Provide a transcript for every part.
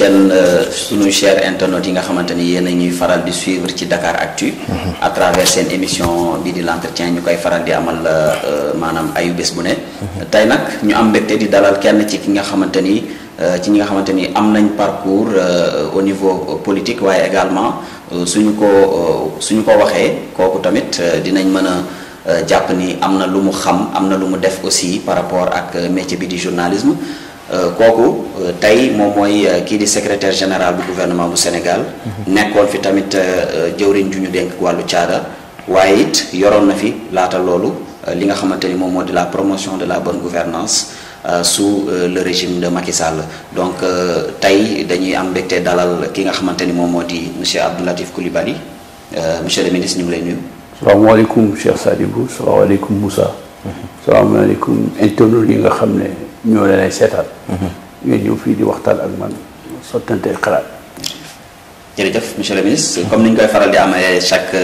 chaîne euh, suñu cher internautes yi nga xamante ni yéen a ñuy faral di suivre ci Dakar Actu mhm. à travers seen émission bi di l'entretien ñu koy faral di amal euh, maanaam ayu bés bu ne mhm. tey nag ñu am mbégte di dalal kenn ci ki nga xamante ni euh, ci ñi nga xamante ni am nañ parcours au niveau politique waaye également suñu ko suñu ko waxee kooku tamit dinañ mën a jàpp ni am na lu mu xam am na lu mu def aussi par rapport ak métier bi di journalisme Euh, koku euh, tay moom mooy euh, kii di secrétaire général du gouvernement du Sénégal. Mhm. nekkoon fi tamit jëwriñ juñu denk walu tiara caada waaye it yoroon na fi lata loolu li nga xamanteni ni moom la promotion de la bonne gouvernance sous le régime de Macky Sall donc tay dañuy am mbégte dalal ki nga xamanteni ni moom monsieur Abdou Latif Koulibaly monsieur le ministre ñu ngi lay nuyu. alaykum Cheikh Sadibou alaykum Moussa. Mhm. alaykum internautes yi nga xamné ñoo leen ay seetaan. nga mhm. ñëw fii di waxtaan ak man sottante xalaat. jërëjëf monsieur le ministre comme ni ñu koy faral di amee chaque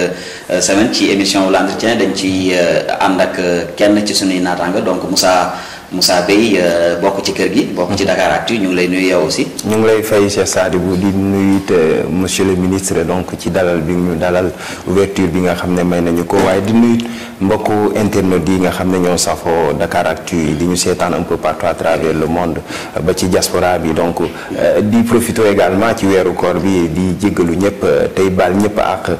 euh, semaine ci émission l'entretien dañ ci euh, ànd ak euh, kenn ci suñuy naataanga donc Moussa. Moussa Bey euh, bokk ci kër gi. bokk Dakar Actu, ñu ngi lay nuyu aussi. ñu ngi lay fay Cheikh Sadibou di nuyu it monsieur le ministre donc ci dalal bi ñu dalal ouverture bi nga xam ne may nañu ko waaye di nuyu mbokku internautes yi nga xam ne ñoo safoo Dakaractu yi di ñu seetaan un peu partout à travers le monde ba ci diaspora bi donc euh, di profito également ci weeru koor bi di jéggalu ñëpp tey baal ñëpp ak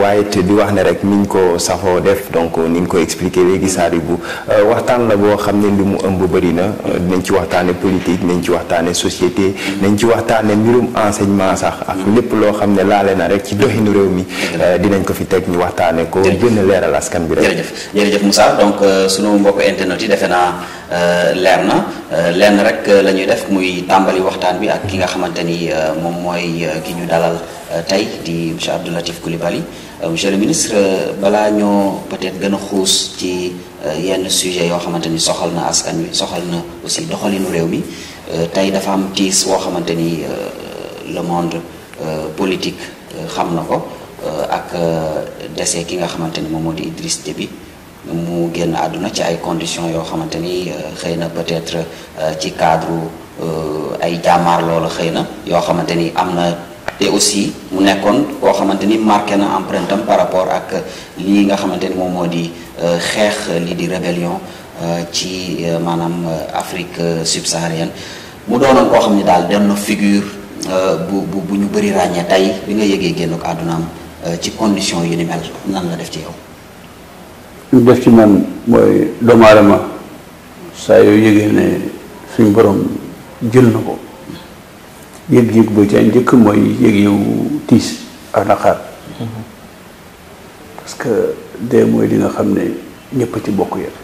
waaye te di wax ne rek niñ ko safoo def donc ni ñu ko expliqué léegi Sadibou euh, waxtaan la boo xam ne li mu tomb bëri na dinañ ci waxtaane politique dinañ ci waxtaane société dinañ ci waxtaane mbirum enseignement sax ak mm-hmm. lépp loo xam ne laale na rek ci doxinu réew mi mm-hmm. eh, dinañ ko fi teg ñu waxtaane ko gën a leeral askan bi rek jërëjëf jërëjëf Moussa donc euh, sunu mbokk internet yi defe naa euh, leer na euh, lenn rek la ñuy def muy tàmbali waxtaan bi ak ki nga xamante ni moom mooy ki ñu dalal tey di monsieur Abdou Latif Coulibaly monsieur le ministre balaa ñoo peut-être gën a xuus ci Euh, yenn sujet yoo xamante ni soxal na askan wi soxal na aussi doxalinu réew mi euh, tey dafa am tiis woo xamante ni euh, le monde politique xam na ko ak dese ki nga xamante ni moom moo di Idriss bi mu génn àdduna ci ay conditions yoo xamante ni xëy na peut-être ci cadre ay jàmmaar loola xëy na yoo xamante ni am na te aussi mu nekkoon koo xamante ni marqué na empreinte par rapport ak lii nga xamante ni moom moo di Euh, xeex euh, lii di rébellion euh, ci maanaam Afrique subsaharienne mu doonoon koo xam ne daal dem na figure bu bu bu ñu bëri ràññee tey bi nga yëgee génn ko àddunaam ci condition yu ni mel nan la def ci yow. ñu def ci man mooy doomu aadama saa yoo yëgee ne suñ borom jël na ko yëg-yëg ba ca njëkk mooy yëg yow tiis ak naqar mm-hmm. parce dee mooy li xam ne ñëpp ci bokk yëpp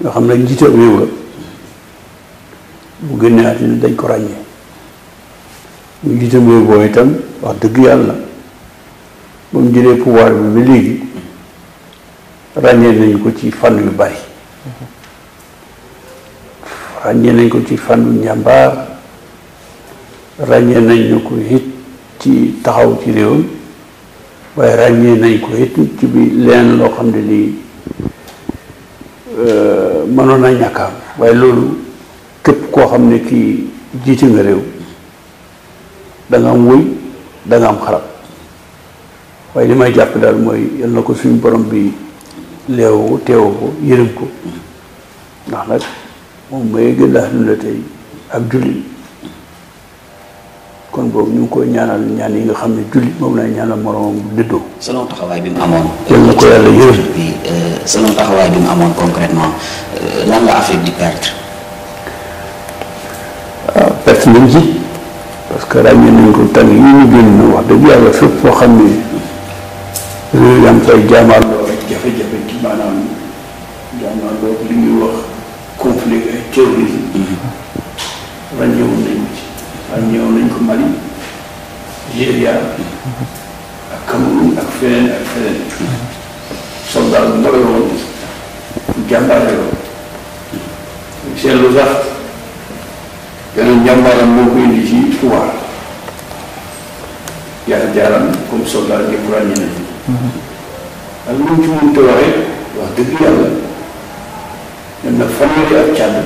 nga xam ne njiitam réew la bu génnee àddina dañ ko ràññee bu njiitam réew boobu itam wax dëgg yàlla ba mu jëlee pouvoir bi ba léegi ràññee nañ ko ci fànn yu bari ràññee nañ ko ci fànnu njàmbaar ràññee nañ ñu ko it ci taxaw ci réewam waaye ràññee nañ ko it ci bi leen loo xam ne lii euh, mënoon na ñàkk am waaye loolu képp koo xam ne kii jiite nga réew da nga am wëy da am xarab waaye li may jàpp daal mooy yal na ko suñu borom bi leewu teewu ko yërëm ko ndax nag moom mooy gën laa dund tey ab jullit kon boobu ñu ngi koy ñaanal ñaan yi nga xam ne jullit moom lay ñaanal moroomam dëddoo. selon taxawaay bi mu amoon. yal ko yàlla yërëm euh, amoon concrètement euh, lan la Afrique ah, perte. nañ ci parce que ràññee nañ ko tànn yi ñu génn na wax dëgg yàlla fépp foo xam ne réew yaa ngi fay jaamaar loo li ñuy wax conflit ak ak ñëw nañ ko Mali Nigéria ak Cameroun ak feneen ak feneen soldat bu ndaw woon jàmbaare seen lu sax beneen njàmbaaram moo ko indi ci pouvoir jaar jaaram comme soldat découragé na ak lu mu ci mënta waxee wax dëgg yàlla dem na fanweeri ak càdd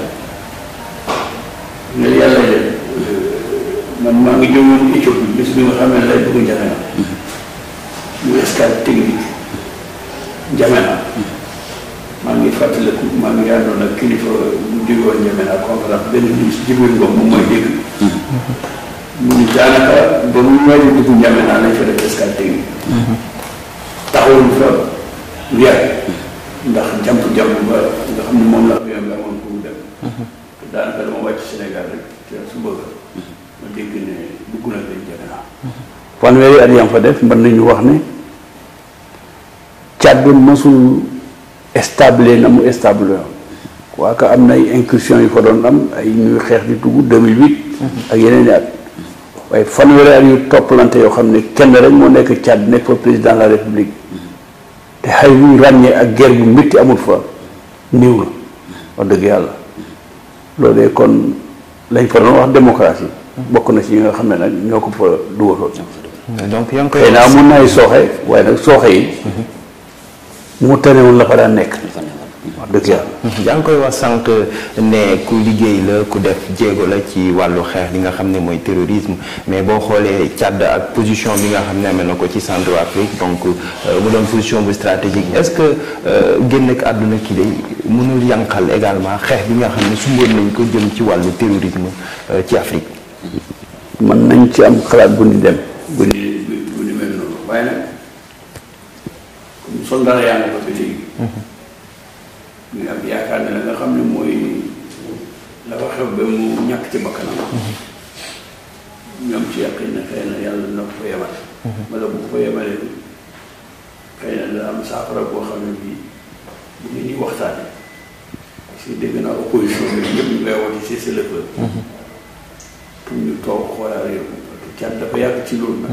ne yàlla man maa ngi jógoon Éthiopie bis bi nga xam ne lay bëgg jamena mu escale technique jamena maa ngi fàttaliku maa ngi àndoon ak kilifa bu jógoon jamena conférence benn bis jibril ngom moom mooy dégg mu ni daanaka ba mu ñëw dugg jamena lañ fa def escale technique taxawul fa lu yàgg ndax jamp jamp ba nga xam ne moom la am yoon la amoon pour mu dem daanaka dama wàcc Sénégal rek ci su bëgg dégg ne dugg mhm. fanweeri at fa def mën nañu wax ne Tchad bi mosul stable na mu stable woon waa ka am na ay incursion yu fa doon am ay ñuy xeex di dugg 2008. Mhm. ak yeneen i at. waaye fanweeri at yu toppalante yoo xam ne kenn rek moo nekk Tchad nekk fa président la république mhm. te xëy yu ràññee ak guerre bu métti amul fa néew na wax dëgg yàlla loolee kon lañ fa doon wax démocratie. bokk na ci ñi nga xam ne nag ñoo ko fa dugaloon. donc yaa ngi koy xëy naa mun naay sooxe waaye nag sooxe yi. Mhm. mu terewul la fa daan nekk. wax dëgg yàlla. Mhm. yaa ngi koy wax sànq ne ku liggéey la ku def jéego la ci wàllu xeex li nga xam ne mooy terrorisme mais boo xoolee Tchad ak position bi nga xam ne amee na ko ci centre Afrique donc euh, mu doon position bu stratégique est-ce que euh, génn ak àdduna kii day mënul yànqal également xeex bi nga xam ne sumboon nañ ko jëm ci wàllu terrorisme euh, ci Afrique. man nañ ci am xalaat bu ni dem bu ni bu ni mel noonu waaye nag comme sol yaa nga ko fi léegi mhm. nga am yaakaar ne la nga xam ne mooy la fa xew ba mu ñàkk ci bakkanam mhm. ñoom ci yàq yi ne xëy na yàlla na ko mhm. bu ko yemalee xëy na dana am saafara boo xam ne bii bu ñu ñuy waxtaane parce que dégg naa opposition bi ñëpp ñu ngay wax ci c'est le peuple pour ñu toog xoolaa réew mi parce que Tchad dafa yàgg ci loolu nag.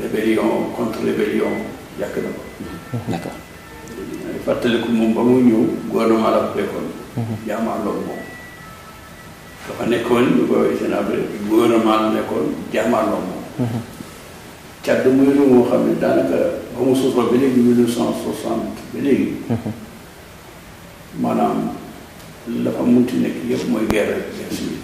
rébellion contre rébellion yàgg na ko. d'accord. fàttaliku moom ba mu ñëw gouvernement la ko fekkoon. moom. dafa nekkoon muy réew moo xam ne daanaka ba mu sosoo ba léegi mille neuf cent soixante ba léegi. maanaam la fa munti nekk yëpp mooy guerre civile.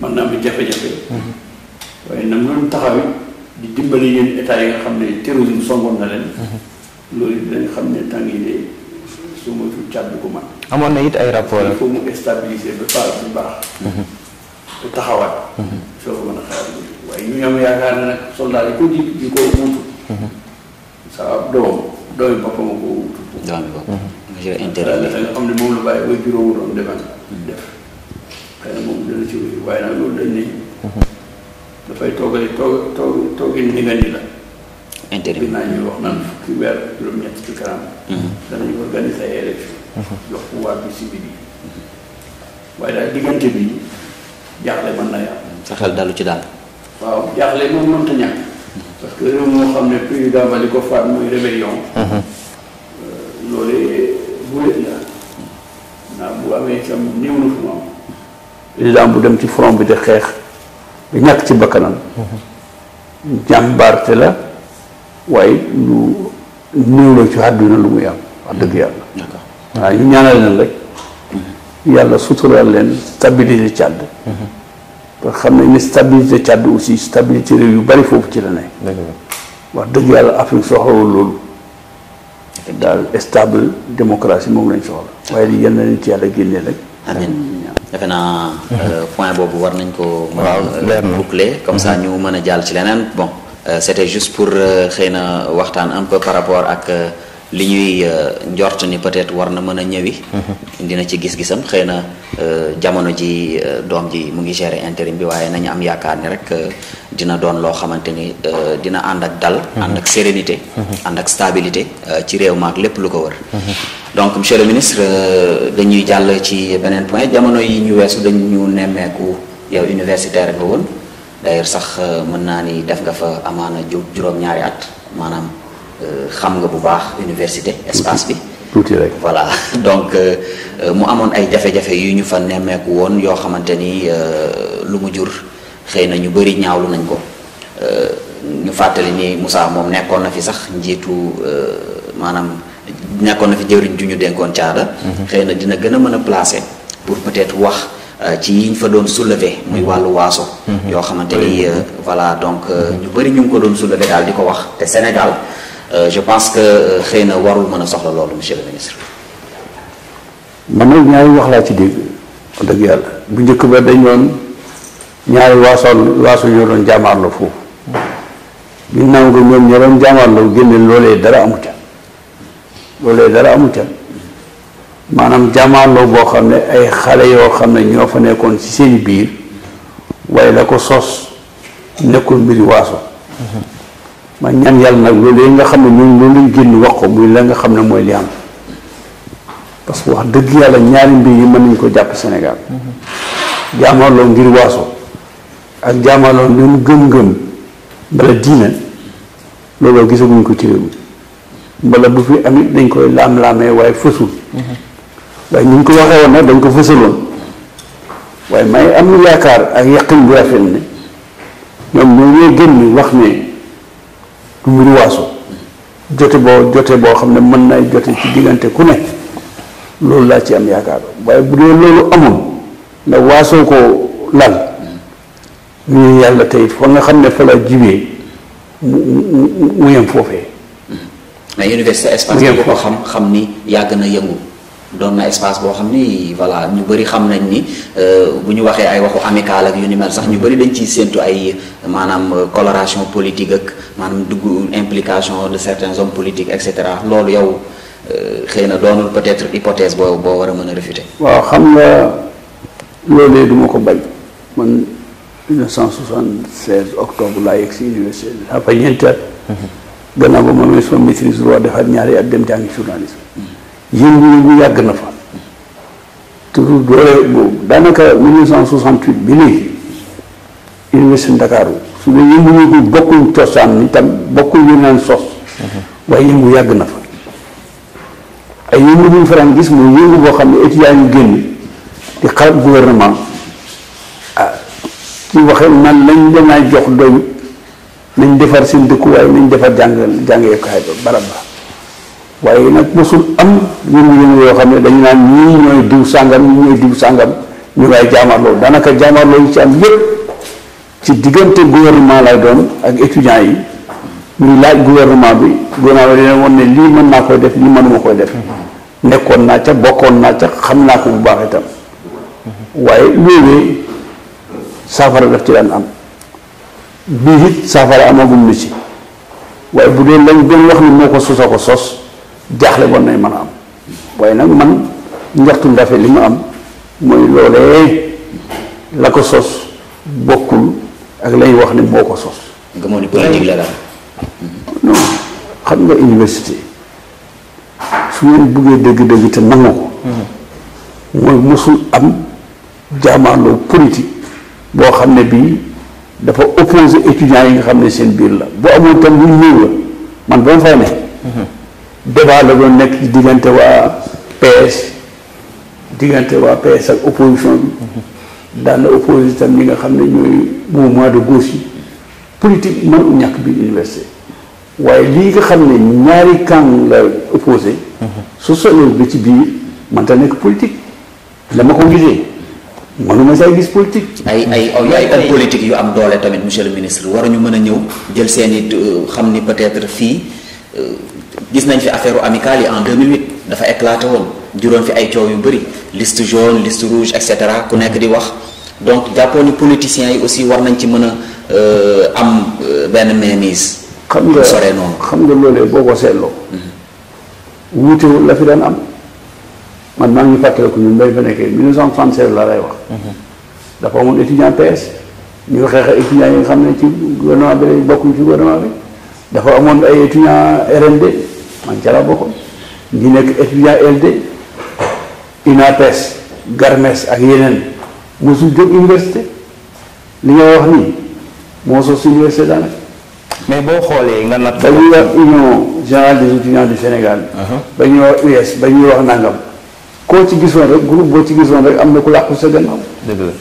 mën naa am jafe-jafe. waaye nag loolu taxaw di dimbali yenn état yi nga xam ne terrorisme songoon na leen. loolu dinañ xam ne tàng yi de su ma tudd càdd ko man. amoon na it ay rapport il faut mu stabiliser ba phase bu baax. te taxawaat. soo ko mën a xalaat waaye ñu am yaakaar ne nag soldat yi ko ji di ko sa doom doom boppam ko wuutu. doom bi nga xam ne moom la bàyyi ba juróomi doon defal def. Kayak kan na oh, mhm. mhm. ya. moom dana ci wéy waaye nag loolu dañ ne dafay toogal toog toog toogin ni nga ni la intérim bi na ñuy wax nan fukki weer juróom-ñett ci kanam danañ organiser élection jox pouvoir bi si bi waaye daal diggante bi jaaxle mën na yàq sa xel dalu ci daal waaw jaaxle moom mënta ñàkk parce que mo moo ne président ba li ko faat muy rébellion mhm. euh, loolee bu na na bu amee itam néew na fu président bu dem ci front bi di xeex di ñàkk ci bakkanam jàmbaarte la waaye lu néew ci àdduna lu muy am wax dëgg yàlla waaw ñu ñaanal leen rek yàlla suturaal leen stabilité Tchad te xam nañ ne stabilité Tchad aussi stabilité yu bari foofu ci la ne wax dëgg yàlla Afrique soxlawul loolu daal stable démocratie moom lañ soxla waaye li yal na ci yàlla génnee rek defe naa. Mhm. Euh, point boobu war nañ ko mën a comme ça mhm. ñu mën a jàll ci leneen bon euh, c'était juste pour euh, xëy na waxtaan un peu par rapport ak. li ñuy euh, njort ni peut-être war na mën a ñëwi. Mhm. dina ci gis-gisam xëy na euh, jamono ji euh, doom ji mu ngi gérer intérim bi waaye nañu am yaakaar ni rek dina doon loo xamante ni dina ànd ak dal. Mhm. ànd ak sérénité. Mhm. ànd ak stabilité ci réew maak lépp lu ko wër. donc monsieur le ministre dañuy jàll ci beneen point jamono yi ñu weesu dañu nemmeeku yow universitaire nga woon d'ailleurs sax mën naa ni def nga fa amaana juróom-ñaari at maanaam. Euh, xam nga bu baax université espace bi tuuti rek voilà donc euh, euh, mu amoon ay jafe-jafe yu ñu fa nemmeeku woon yoo xamante ni lu mu jur xëy na ñu bëri ñaawlu nañ ko ñu fàttali ni Moussa moom nekkoon na fi sax njiitu maanaam nekkoon na fi jëwriñ ju ñu dénkoon caada mhm. xëy na dina gën a mën a placer pour peut wax ci yiñ fa doon soulever muy mhm. wàllu waaso mhm. yoo xamante ni voilà donc ñu bëri ñu ngi ko doon soulever daal di ko wax te Sénégal je pense que xeyna warul mën soxla loolu monsieur le ministre. man nag ñaari wax la ci dégg deug yàlla bu ñëk ba dañ ñoon ñaari waasoon wasu ñu doon jamar fu foofu ginnaaw nga ñoom ñoo jamar jaamaarloo génne lolé dara amu ca lolé dara amu ca manam jamar boo bo xamné ay xale yo xamné ño fa nekkon ci seen biir way la ko sos nekkul mbiri waso ma ñaan yàlla nag loolu yi nga xam ne ñun loolu lañ génn wax ko muy la nga xam ne mooy li am parce que wax dëgg yàlla ñaari mbir yi mën nañ ko jàpp senegal jaamaloo ngir waaso ak jaamaloo ñun gëm-gëm bala diina looloo gisaguñ ko ci réew mi bu fi amit dañ koy laam-laamee waaye fësul waaye ñu ngi ko waxee woon nag dañ ko fësaloon waaye may am yaakaar ak yaqin bu rafet ne ñoom ñoo ñoo gën wax ne du mbiru waasu jote boo xam ne mën nay jote diggante ku ne loolu laa ci am yaakaar waaye bu dee loolu amul ndax waasoo ko lal ñu yàlla tey fa nga xam ne fa la jibee mu mu mu yem foofee. Hmm. mais université espace bi ko xam xam ni yàgg na yëngu. doon na espace boo xam ni voilà ñu bëri xam nañ ni euh, bu ñu waxee ay waxu amical ak yu ni mel sax ñu bëri dañ ci séentu ay maanaam euh, coloration politique ak maanaam dugg implication de certains hommes politique et cetera loolu yow euh, xëy na doonul peut-être hypothèse boo boo war a mën a réfuter. waaw xam na loolu du ma ko bañ man 1976 octobre laa yegg si université bi. daa fay ñeenti at. Mhm. gannaaw ba ma amee sama maîtrise droit defaat ñaari at dem jàngi journalisme. Mhm. yëngu-yëngu yàgg na fa toujours doole boobu daanaka 1968 bi léegi université Ndakaaru su dee yëngu-yëngu bokkuñ cosaan itam bokkuñ ñu naan sos waaye yëngu yàgg na fa ay yëngu bu ñu faral gis mooy yëngu boo xam ne étudiants yu génn di xarab gouvernement ah ci waxee man lañ danaa jox doy nañ defar seen dëkkuwaay nañ defar jàng jàngeekaay ba barab waaye nag mosul am yëngu xam ne dañu naan ñii ñooy diw sàngam ñii ñooy diw sàngam ñu ngay jaamarloo daanaka jaamarloo yi ci am yépp ci diggante gouvernement lay doon ak étudiants yi ñuy laaj gouvernement bi gouvernement bi dina woon ne lii mën naa koy def lii mënuma koy def nekkoon naa ca bokkoon naa ca xam naa ko bu baax itam waaye loolu saafara daf ci daan am bii it saafara amagum na ci waaye bu dee lañ doon wax ni moo ko sosa ko sos jaaxle woon nañ man am waaye nag man njortu ndafe li ma am mooy loolee la ko sos bokkul ak lay wax ne moo ko sos. gëmoo ni xam nga université su ngeen buggee dëgg-dëgg te nangu ko. mooy mosul am jaamaarloo politique boo xam ne bii dafa opposé étudiants yi nga xam ne seen biir la boo amul tam lu néew la man ba ma fay ne. débat la doon nekk ci diggante waa PS diggante waa PS ak opposition bi mhm. daan na opposé itam nga xam ne ñooy mois de gauche yi politique mënu ñàkk biir université waaye lii nga xam ne ñaari camp la opposé mhm. su solee ba ci biir mënta nekk politique la ma ko gisee mënuma say gis politique. ay ay ay ay politique yu am doole tamit monsieur le ministre waruñu mën a ñëw jël seen i euh, xam ni peut-être fii. Euh, gis nañ fi affaire amicale yi en 2008 dafa éclaté woon juróom fi ay coow yu bëri liste jaune liste rouge et cetera ku nekk di wax donc jàppoon ni politiciens yi aussi war nañ ci mën a euh, am euh, benn mainmise. xam nga sore noonu xam nga loolee boo ko seetloo. Mhm. wuute la fi daan am man maa ngi fàttaliku ñun bay fa nekkee 1937 la lay wax. Mhm. dafa amoon étudiant PS ñu xeex ak étudiants yi nga xam ne ci gouvernement bi lañ bokkuñ ci gouvernement bi dafa amoon ay étudiant RND. man ca laa bokkoon ñi nekk étudiant LD UNAPES GARMES ak yeneen mosul jóg université li ngay wax nii moo sos université daanaka. mais boo xoolee nga natt. ba ñuy wax union générale des étudiants du Sénégal. Uh-huh. ba ñuy wax US ba ñuy wax nangam. koo ci gisoon rek groupe boo ci gisoon rek am na ku làqu sa gannaaw. dëgg la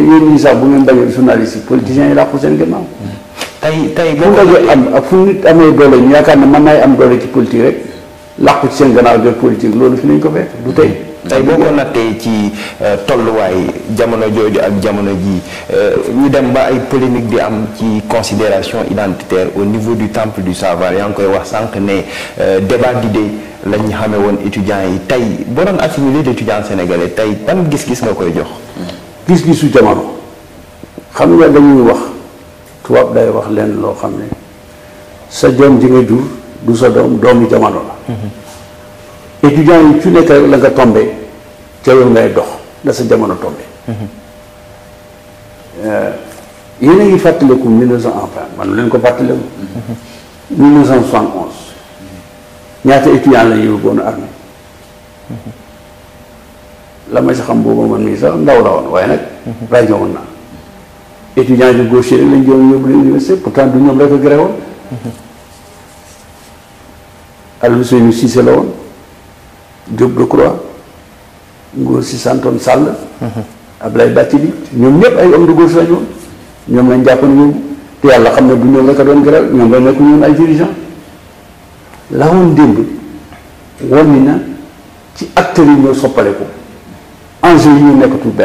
yéen ñii sax bu ngeen bañee journaliste yi politiciens seen gannaaw. Uh-huh. tey tey boo ko am ak fu nit amee doole ñu yaakaar ne mën naay am doole ci politique rek làqu ci seen gannaaw jot politique loolu fi nañ ko fekk du tey. tey boo ko nattee ci euh, tolluwaay jamono jooju ak jamono ji euh, ñu dem ba ay polémique di am ci considération identitaire au niveau du temple du savoir yaa ngi koy wax sànq ne euh, débat d'idées la ñu xamee woon étudiants yi tey boo doon assimilé d'étudiants sénégalais tey ban gis-gis nga koy jox. gis-gisu jamono xam nga dañuy wax. tubaab day wax leen loo xam ne sa doom ji nga jur du sa doom doomu jamono la étudiant yi ci nekk rek la nga tombé ca loolu ngay dox la sa jamono tombé euh, yéen a ngi fàttaliku mille man leen ko fàttaliku mille neuf cent soixante onze ñaata étudiant la yóbbu woon armée la ma si xam boobu man mii sax ndaw la woon waaye nag mhm. ràññewoon naa étudiants ils gaucher yi ont l'université pourtant nous ñoom rek a gré nous Alioune Seynou Cissé la woon Croix, Ngor si Santone Sall Ablaye Bathily ñoom ñëpp ay hommes de gauche lañ là, ñoom lañ jàppoon yóbbu te yàlla nous ne la woon acteurs pas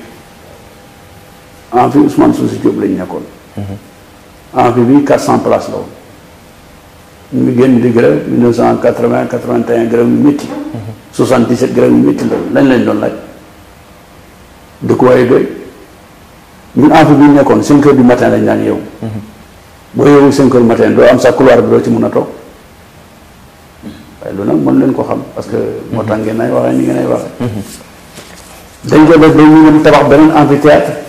en fi Ousmane Sousi Diop la ñu nekkoon. en fi bi 400 places la woon. ñu ngi génn di grève et 81 grève yu métti. 77 grève yu métti la lañ lañ doon laaj. dëkkuwaay doy ñun en fait bi nekkoon 5 heures du matin lañ daan yeewu. boo yeewu 5 heures du matin doo am sa couloir bi doo ci mun a toog waaye loolu nag mën leen ko xam parce que. moo tax ngeen ay waxee ni ngeen ay waxee. dañ ko def dañ ñu tabax beneen amphithéâtre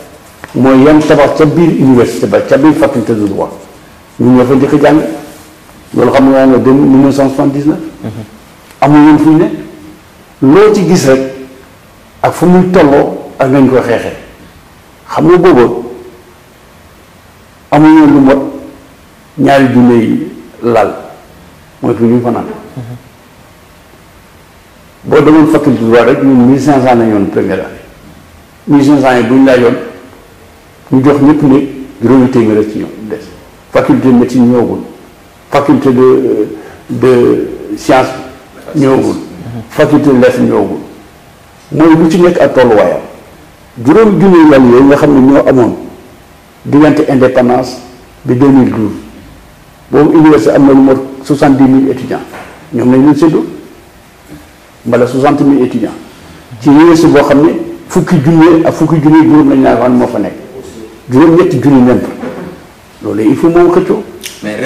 mooy yan tabax ca biir université ba ca biir faculté de droit ñun ñoo fa njëkk a jàng loolu xam nga ne deux mille neuf mhm. ci gis ak fu muy tolloo ak nañ koy xeexee xam nga booba amul woon lu mot ñaari junne yi laal mooy fi ñuy fanaan mhm. boo demoon faculté de droit rek ñun mille cinq cent la ñoon première année mille cinq cent yi bu ñu laajoon ñu jox ñëpp ne juróomi téeméer ci ñoom des faculté de médecine ñëwagul faculté de de science ñëwagul faculté de lettres ñëwagul mooy lu ci nekk ak tolluwaayam juróom junni lal yooyu nga xam ne ñoo amoon diggante indépendance bi 2012 boobu université am na lu mot soixante dix mille étudiants ñoom nañ leen séddu mbala soixante mille étudiants ci université boo xam ne fukki junni ak fukki junni juróom lañ naa xam ne moo fa nekk juróom-ñetti junni nen loolu il faut moom xëccoo. mais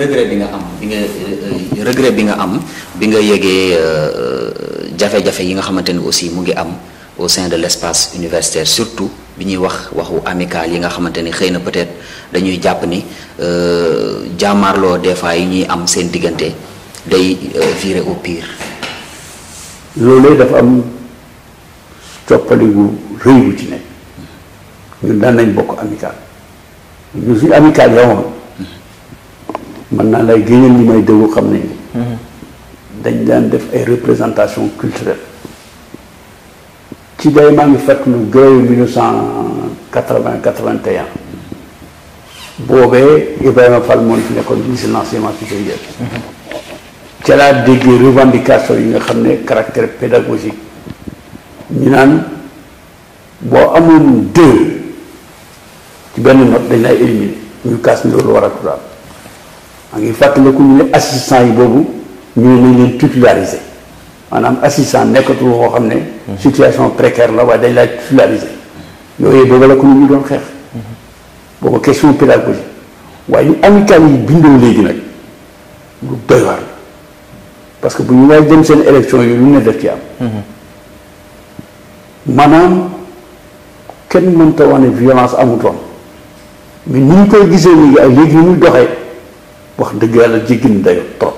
regret bi nga am bi nga regret bi nga am bi nga euh, yëgee euh, jafe-jafe yi nga xamante ni aussi mu ngi am au sein de l' espace universitaire surtout bi ñuy wax waxu amical yi nga xamante ni xëy na peut-être dañuy jàpp ni euh, jàmmaarloo des fois yi ñuy am seen diggante day virer au pire. loolee dafa am coppali gu bu ci ñun daan nañ bokk amical ñu fi amical yawoon man naa lay génneel ñi may déglu xam nañ mhm. dañ daan def ay représentation culturelle ci day maa ngi fàttali grève mille neuf cent quatre-vingt quatre-vingt-un boobee Ibrahima moo fi nekkoon ministre de l'enseignement supérieur mhm. déggee revendication yi nga xam ne caractère pédagogique ñu naan boo amoon deux ci benn note dañ lay éliminer ñu kaas ni loolu war a turam maa ngi fàttaliku ñu ne assistant yi boobu ñu nañ leen titularisé maanaam assistant nekkatul woo xam ne situation précaire la waaye dañ lay titularisé yooyu booba la ko ñu doon xeex booba question pédagogique waaye ñu amical yi bindoo léegi nag lu doy waar la parce que bu ñu waay dem seen élection yooyu lu ne def ci am mm-hmm. maanaam kenn mënta wax ne violence amutoon mais ni ñu koy gisee nii ak léegi ni muy doxee wax dëgg yàlla jéggi na dayoo trop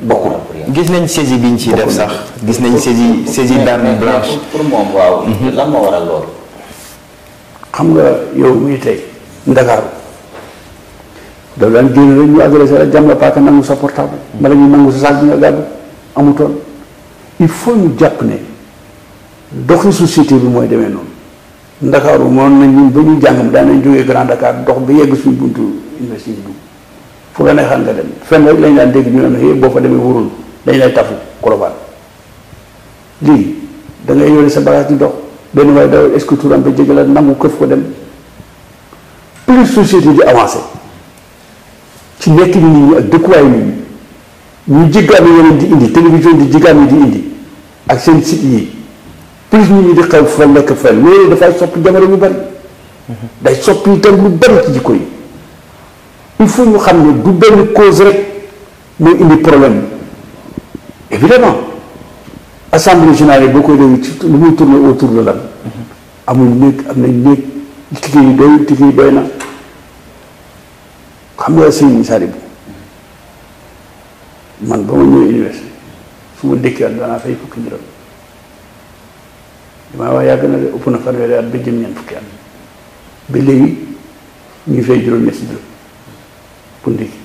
bokkul. gis nañ saisie bi ci ciy def sax gis nañ saisie saisie d'arme blanche. pour moom waaw. Mhm. lan moo waral loolu. xam nga yow mii tey Ndakaaru da daan génn rek ñu agressé la jam la paaka nangu sa portable. mbala mhm. ñu nangu sa saag bi nga gàddu amutoon il faut ñu jàpp ne doxi société bi mooy demee noonu. ndakaaru moom nañ ñun ba ñu jàngam daan nañ jógee Grand Dakar dox ba yegg suñ buntu université bi fu la neexal nga dem fenn rek lañ daan dégg ñu ne eh, boo fa demee wóorul dañ lay tafu kolobaan lii da ngay sa bagage di dox benn waaye da est-ce ba jege la nangu këf ko dem plus société di avancé ci nekk nit ñi ak dëkkuwaayu nit ñu jiggaani yeneen di indi télévision di jiggaani di indi ak seen sit yi plus nit ñi di xew fa nekk fen loolu dafay soppi jamono yu bari day soppi itam lu bari ci jikko yi il faut ñu xam ne du benn cause rek mooy indi problème bi évidemment assemblée générale yi boo koy déglu ci lu muy am nañ néeg ticket yi doy na xam nga sëñ Sari bu man ba ma ñëwee université su ma dëkkee danaa fay fukki dërëm li ma wax yàgg na de ëpp na fanweeri at ba jëm ñeent fukki at ba léegi ñu fay juróom-ñett si dërëm pour ndékki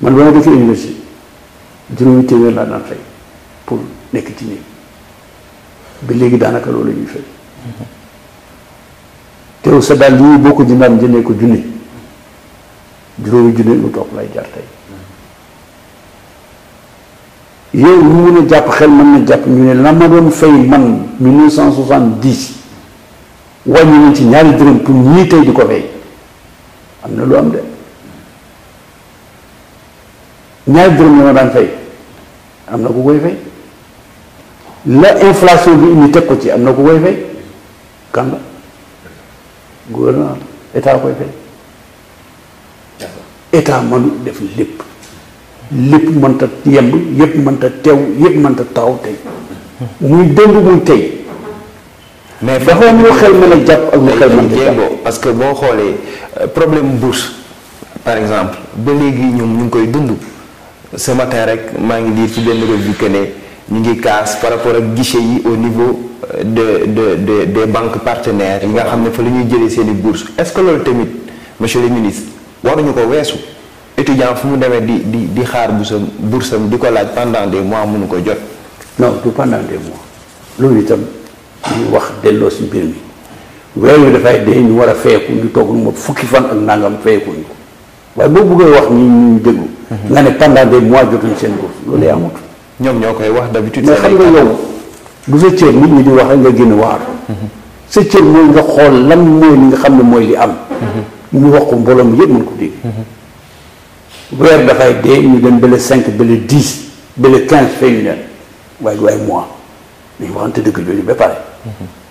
man ba ma defee université juróomi téeméer laa daan fay pour nekk ci néeg ba léegi daanaka loolu ñuy fay teew sa daal lii boo ko jëndaan jëndee ko junne juróomi junne mu topp laay jar tey yow lu mun a jàpp xel man na jàpp ñu ne la ma doon fay man 1970 wàññi nañ ci ñaari dërëm pour ñii tey di ko fay am na lu am de ñaari dërëm la ma daan fay am na ku koy fay la inflation bi indi teg ko ci am na ku koy fay kan la gouvernement koy fay état mënu def lépp lépp mënta yemb yëpp mënta teew yëpp mënta taxaw tey muy démb muy tey. mais dafa am lu xel mën a jàpp ak lu xel mën a jàpp parce que boo xoolee euh, problème bourse par exemple ba léegi ñoom ñu ngi koy dund ce matin rek maa ngi diir ci benn revue que ne ñu ngi kaas par rapport ak guichet yi au niveau euh, de de de des banques partenaires yi nga xam ne fa lu ñuy jëlee seeni i bourse est-ce que loolu tamit monsieur le ministre ñu ko weesu. étudiant fu mu demee di di di xaar bu sa bursam di ko laaj pendant des mois mënu ko jot. non du pendant des mois loolu itam ñu wax delloo si mbir mi weer wi dafay dee ñu war a feeku ñu toog lu mot fukki fan ak nangam feeku ñu ko waaye boo bëggee wax ñi ñuy déglu. Mhm. nga ne pendant des mois jotuñ seen bourse loolu yaa amut. ñoom ñoo koy wax d'habitude. mais xam nga yow du sa cër nit ñi di wax rek nga génn waar. Mhm. sa cër mooy nga xool lan mooy li nga xam ne mooy li am. ñu mhm. wax ko mbooloo ko dégg. weer dafay dé ñu dem ba le cinq ba le dix ba le quinze mois ba mhm.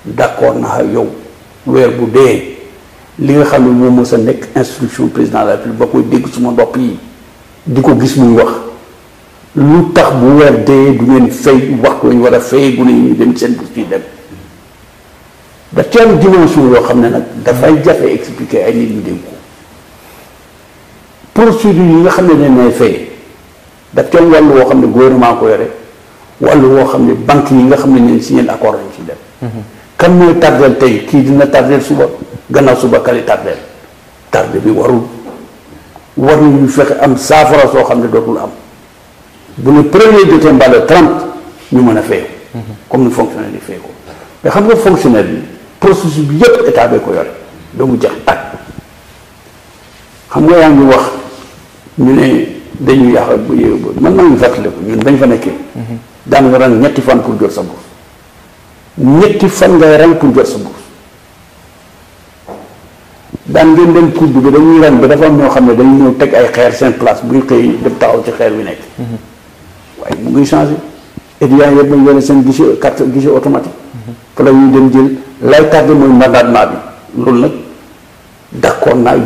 d'accord na yow weer bu dé li nga xam instruction président de la République ba koy dégg suma mois. yi diko gis muy wax lu tax bu weer dé du fay fay mois. dem da ci am expliquer ay nit ñu procédure yi nga xam ne dañ lay fay daf ci am wàllu woo xam ne gouvernement ko yore wàllu woo xam ne banque yi nga xam ne ñoom signé accord lañ ci def. Mhm. kan mooy tardel tey kii dina tardel suba gannaaw suba kali tardel tarde bi warul war nañu fexe am saafara soo xam ne dootul am bu ne premier jotee mbaa le ñu mën a fay ko mhm. comme ni fonctionnaire yi fay ko mais xam nga fonctionnaire bi processus bi yëpp état bee ko yore doomu jax at xam nga yaa ngi wax ñu ne dañu yàq ak bu yeewu ba man maa ngi fàttaliku ñun bañ fa nekkee. Mhm. daan nga ran ñetti fan pour jot sa bourse ñetti fan ngay ran pour jot sa bourse daan ngeen dem kudd bi dañuy ran ba dafa am ñoo xam ne dañu ñëw teg ay xeer seen place bu ñu def taxaw ci xeer bi nekk. Mhm. waaye mu ngi changé étudiants yëpp dañu yore seen guichet carte guichet automatique. Mhm. fa la ñuy dem jël lay tardé mooy mandatement bi loolu nag d'accord naa ak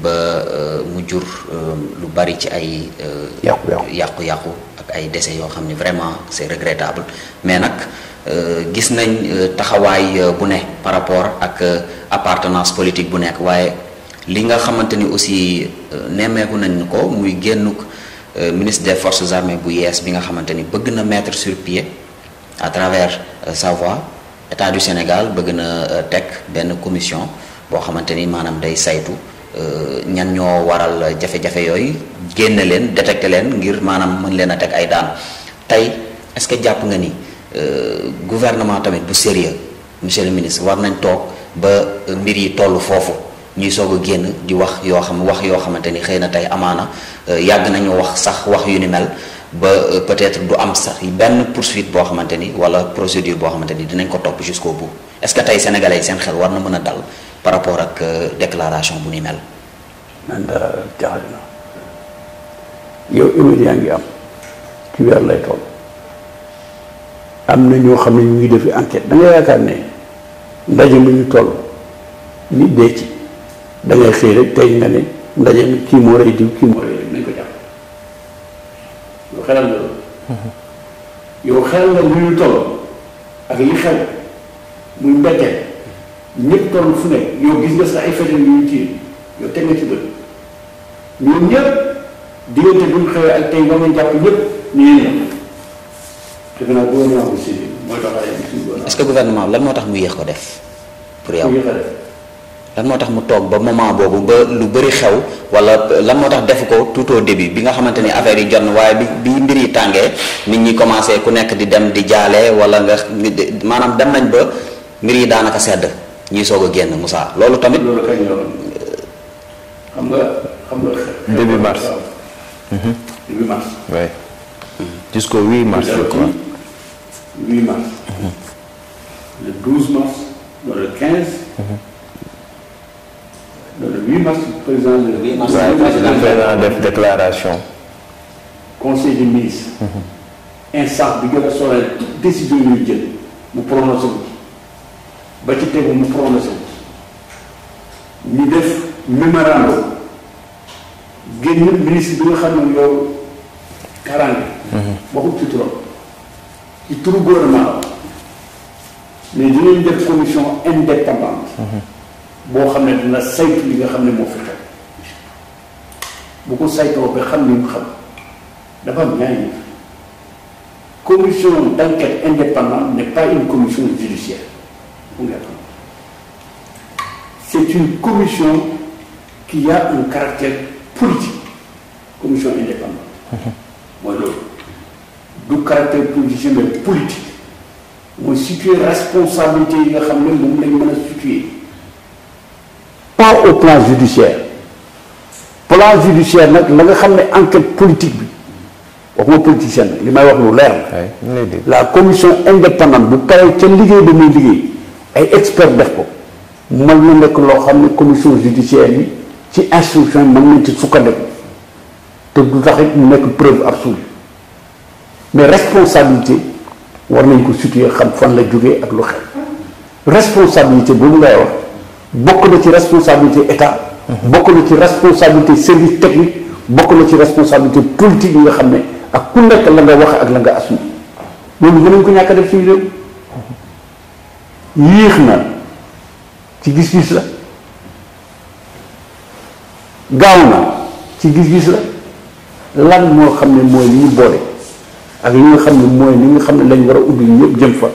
ba euh, mu jur euh, lu bari ci ay. Euh, yàqu-yàqu yàqu-yàqu ak ay décès yoo xam ne vraiment c'est regrettable mais nag gis nañ taxawaay bu ne par rapport ak appartenance politique bu nekk waaye li nga xamante ni aussi nemmeeku nañ ko muy génnuk ministre des forces armées bu yees bi nga xamante ni bëgg na mettre sur pied à travers sa voix état du Sénégal bëgg na teg benn commission boo xamante ni maanaam day saytu. Euh, ñan ñoo waral jafe-jafe yooyu génne leen détecté leen ngir maanaam mën leen a teg ay daan tey est-ce que jàpp nga ni euh, gouvernement tamit bu sérieux monsieur le ministre war nañu toog ba mbir yi toll foofu ñuy soog a génn di wax yoo xam wax yoo xamante ni xëy na tey amaana euh, yàgg nañu wax sax wax yu ni mel ba peut-être du am sax benn poursuite boo xamante ni walla procédure boo xamante ni dinañ ko topp jusqu'au bout est-ce que tey sénégalais yi seen xel war na mën a dal par rapport ak euh, déclaration bu ni mel. man daal jaaxle yow émission yaa ngi am ci weer lay toll am na ñoo xam ne ñu ngi defi enquête da nga yaakaar ne ndaje mi ñu toll nit dee ci da xëy rek tey nga ne ndaje mi kii moo rey diw kii moo rey nañ ko jàpp mhm. yow xelal nga lu ñu toll ak yi xel. muy mbéjee ñepp toll fu ne yow gis nga sa ay fetal ñu tiir yow teg nga ci bët ñoom ñëpp diggante bu ñu xëyee ak tey ba ngeen jàpp ñëpp ñu yéen ñam te bu ñu am ci mooy taxawaay ay ci gouvernement. est ce que gouvernement lan moo tax mu yéex ko def pour yow. lan moo tax mu toog ba moment boobu ba lu bëri xew wala lan moo tax def ko tout au début bi nga xamante ni affaire yi jonn na waaye bi bi mbir yi tàngee nit ñi commencé ku nekk di dem di jaale wala nga maanaam dem nañ ba mbir yi daanaka sedd ñuy soog a xam nga xam nga. mars. début mars. 8 mhm. mars. 8 mhm. mhm. mars. le 12 mars le 15. mars, le 8 mars président de. le 8 mars président conseil des ministres. instant bi de a sonal décision yu jël mu ba ci tegu mu prononcé wu ñu def mémorandum génn ministre bi nga xam ne yow karange mhm. waxut ci turam ci turu gouvernement mais dinañ def commission indépendante mhm. boo xam ne dina saytu li nga xam ne moo fi xew bu ko saytoo ba xam ni mu xam dafa am ñaari commission d'enquête indépendante n'est pas une commission judiciaire C'est une commission qui a un caractère politique, commission indépendante. Mhm. Moi, caractère politique, mais politique. On situe responsabilité, Pas au plan judiciaire. plan judiciaire je la nga enquête politique politicien la. commission indépendante vous parlez ca liggéey de ay expert def ko mën na nekk loo xam ne commission judiciaire bi ci instruction mën nañ ci sukkandiku te du tax it mu nekk preuve absolue mais responsabilité war nañ ko situer xam fan la jógee ak lu xew responsabilité boobu ngay wax bokk na ci responsabilité état mhm. bokk na ci responsabilité service technique bokk na ci responsabilité politique yi nga xam ne ak ku nekk la nga wax ak la nga assumé loolu mënuñ ko ñàkk a def suñu réew yéex na ci gis-gis la gaaw na ci gis-gis la lan moo xam ne mooy li ñu boole ak li nga xam ne mooy li nga xam ne lañ war a ubbi ñëpp jëm fa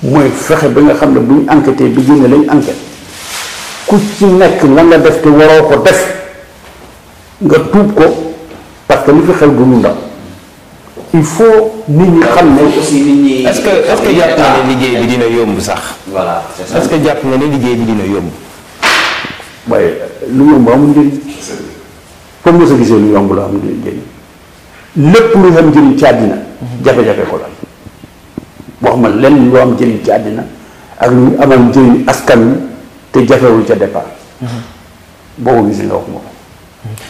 mooy fexe ba nga xam ne bu ñu enquêté bi génne lañ enquête ku ci nekk lan la def te waroo ko def nga tuub ko parce que li fi xel gunu ndaw il faut nit ñi xam ne. aussi que est-ce jàpp nga ne liggéey bi dina yomb sax. voilà c'est ça que jàpp nga ne liggéey bi dina yomb. waaye lu yomb amul njëriñ. comme mos a gisee lu yomb la amul njëriñ lépp lu am njëriñ ci àddina. jafe-jafe ko la wax ma lenn lu am njëriñ ci àddina ak lu amal njëriñ askan wi te jafewul ca départ. Mhm. boobu gis nga wax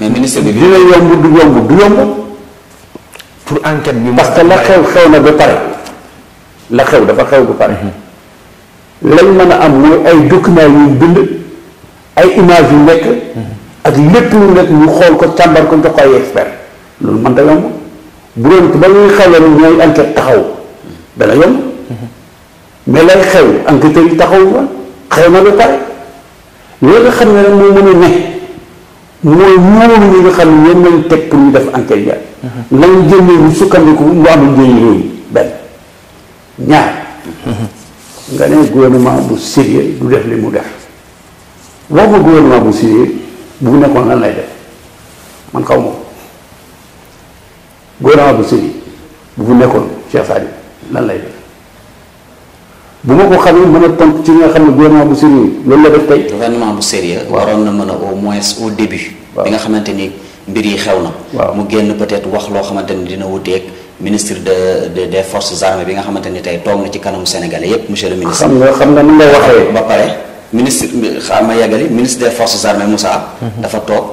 ma dina yomb du yomb du yomb. pour enquête bi. parce que la xew xew na ba pare la xew dafa xew ba pare. lañ mën a am mooy ay documents yu bind ay images yu nekk. ak lépp lu nekk ñu xool ko càmbar ko jox ko ay expert loolu man da yomb bu doon ba ñuy xew la ñooy enquête taxaw dana yomb mais lay xew enquêteurs yi taxaw ba xew na ba pare loolu nga xam ne nag moo mën a ne. mooy ñooñu ñi nga xam ne teg pour ñu def enquête ya lañ mhm. génne ñu sukkandiku lu amul njëriñ yooyu benn ñaar mhm. nga ne gouvernement bu sérieux du def li mu def wax ma bu sérieux bu nekkoon lan lay def man xaw ma bu sérieux bu nekkoon Cheikh Sadio lan lay def bu ma ko xamee mën a tontu ci li nga xam ne gouvernement bu loolu la na mën a au moins au début. ni mbir yi xew na. waaw mu génn peut-être wax loo xamante ni dina wuteeg ministre de de des forces armées nga xamante ni tey toog na ci kanamu Sénégalais yépp monsieur le ministre. xam nga xam nga ni nga waxee. ba pare ministre xam ma yeggali ministre des forces armées Moussa. Mhm. dafa toog.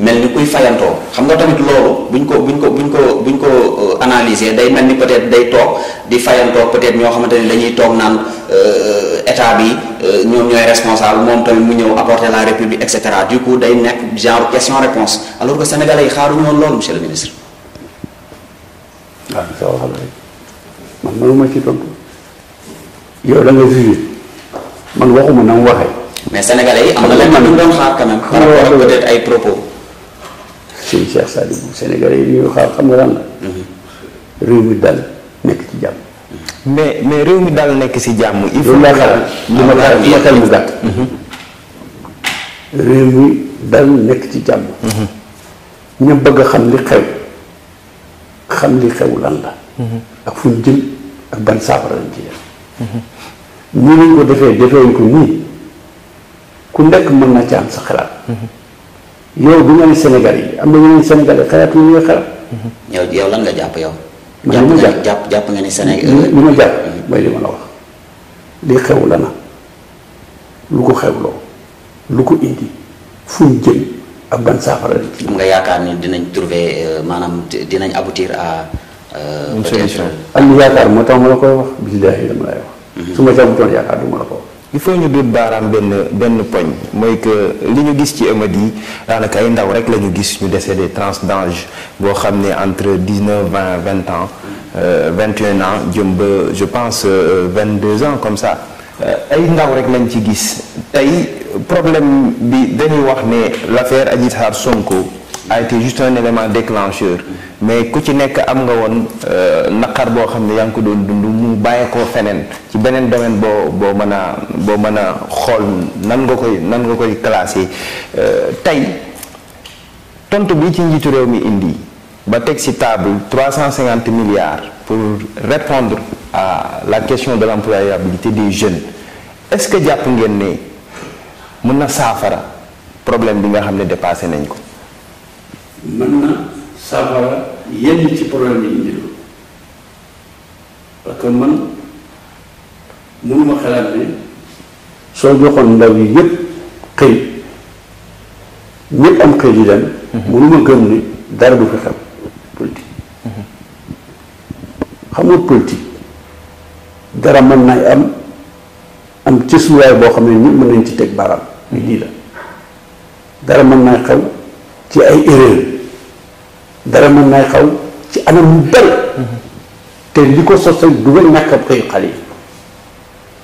mel ni kuy fayantoo xam nga tamit loolu buñ ko buñ ko buñ ko buñ ko euh, analyser day mel ni peut-être day toog di fayantoo peut-être ñoo xamante ni dañuy toog naan euh, état bi euh, ñoom ñooy responsable moom tamit mu ñëw apporter la république et cetera du coup day nekk genre question réponse alors que sénégalais yi xaaruñu woon loolu monsieur le ministre. waaw ah, sa waxal rek man mënuma waxuma na mu waxee. mais sénégalais yi am na leen lu doon xaar quand même. par rapport ak peut ay propos. sëñ Cheikh Sadibou Sénégalais yi ñu xaar xam nga lan la. Mhm. réew mi dal nekk ci jàmm. Mhm. mais mais réew mi daal nekk ci jàmm. il faut ma xel mhm. mu gàtt. réew nekk ci jàmm. ñu bëgg xam li xew xam li xew lan la. ak fu ñu ak ban saafara lañ ñu lañ ko defee defee ko nii ku nekk mën na ci am sa xalaat. yow du nga ne Sénégal yi am na ñeneen Sénégal yi xalaat ñu ñuy xalaat. yow yow lan nga jàpp yow. man li jàpp jàpp jàpp nga ne Sénégal. li ma jàpp mm-hmm. mooy li ma la wax li xew la na lu ko xewloo lu ko indi fu ñu jëm ak ban saafara lañ. am nga yaakaar ni dinañ trouver euh, maanaam dinañ aboutir à. Euh, une solution euh, am na yaakaar moo tax ma la koy wax. billaahi dama lay wax. Mm-hmm. su ma jàpputoon yaakaar du ma la ko wax. il faut une nous ayons ben ben que li ñu gis ci amadi danaka ay ndaw rek lañu gis ñu décès des trans d'âge bo xamné entre 19 20 20 ans euh, 21 ans jëmbe je pense 22 euh, ans comme ça euh, ay ndaw rek lañ ci gis tay problème bi dañuy wax né l'affaire Adjit Har Sonko a été juste un élément déclencheur mais ku ci nekk am nga woon euh, naqar boo xam ne yaa ngi ko doon dund mu bàyyeekoo feneen ci beneen domaine boo boo mën a boo mën nan nga koy nan nga koy classé euh, tey tontu bi ci njiitu réew indi ba teg ci table 350 milliards pour répondre à la question de l'employabilité des jeunes est-ce que jàpp ngeen ne mën na saafara problème bi nga xam ne dépassé nañ mën na saafara yenn ci problème yi indi loolu parce que man mënuma xalaat ne soo joxoon ndaw yi yëpp xëy ñëpp am xëy di dem mhm. mënuma gëm ni dara du fi xew politique mhm. xam nga politique dara mën nay am am ci suwaay boo xam ne ñëpp mën nañ ci teg baaraam lii la dara mën nay xew ci ay erreur dara mën naa xaw ci anam yu bëri te li ko sosal du ba ñàkk ab xëyu xale yi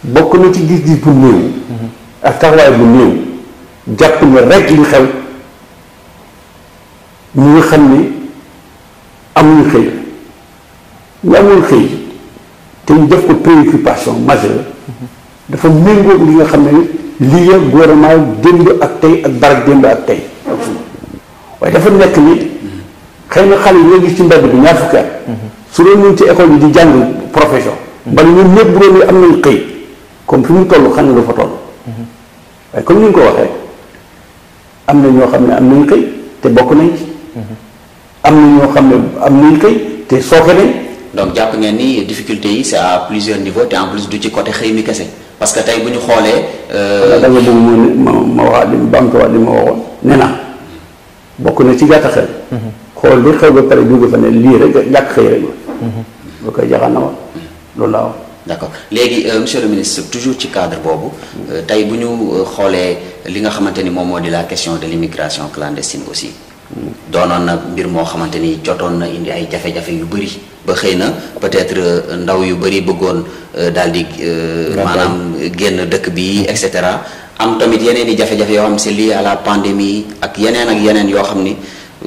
bokk na ci gis-gis bu néew ak taxawaay bu néew jàpp ne rek li xew ñu nga xam ni ne amuñu xëy ñu amul xëy te ñu def ko préoccupation majeure dafa méngoog li nga xam ne lii ya gouvernement démb ak tey ak barak démb ak tey waaye dafa nekk ni xëy na xale yi nga gis ci mbedd bi ñaar fukki su doon ñun ci école yi di jàng profession bala ñun ñëpp bu doon am nañ xëy comme fi mu toll xam ne dafa toll waaye comme ni nga ko waxee am na ñoo xam ne am nañ xëy te bokk nañ ci am na ñoo xam ne am nañ xëy te sooke nañ donc jàpp ngeen ni difficulté yi c'est à plusieurs niveaux te en plus du ci côté xëy mi kese parce que tey bu ñu xoolee euh, da nga bëgg mu ma ma waxaat li ma bamtuwaat li ma waxoon nee bokk na ci gàtta xel xool li xew ba pare dugg fa ne lii rek ñàkk xëy rek la. na ma loolu laa wax. d' accord léegi euh, monsieur le ministre toujours ci cadre boobu euh, tey bu ñu euh, xoolee li nga xamante ni moom moo di la question de l' immigration clandestine aussi doonoon nag mbir moo xamante ni jotoon na indi ay jafe-jafe yu bëri ba xëy na peut-être ndaw yu bëri bëggoon daal di maanaam génn dëkk bi et cetera am tamit yeneen i jafe-jafe yoo xam si lié à la pandémie ak yeneen ak yeneen yoo xam ni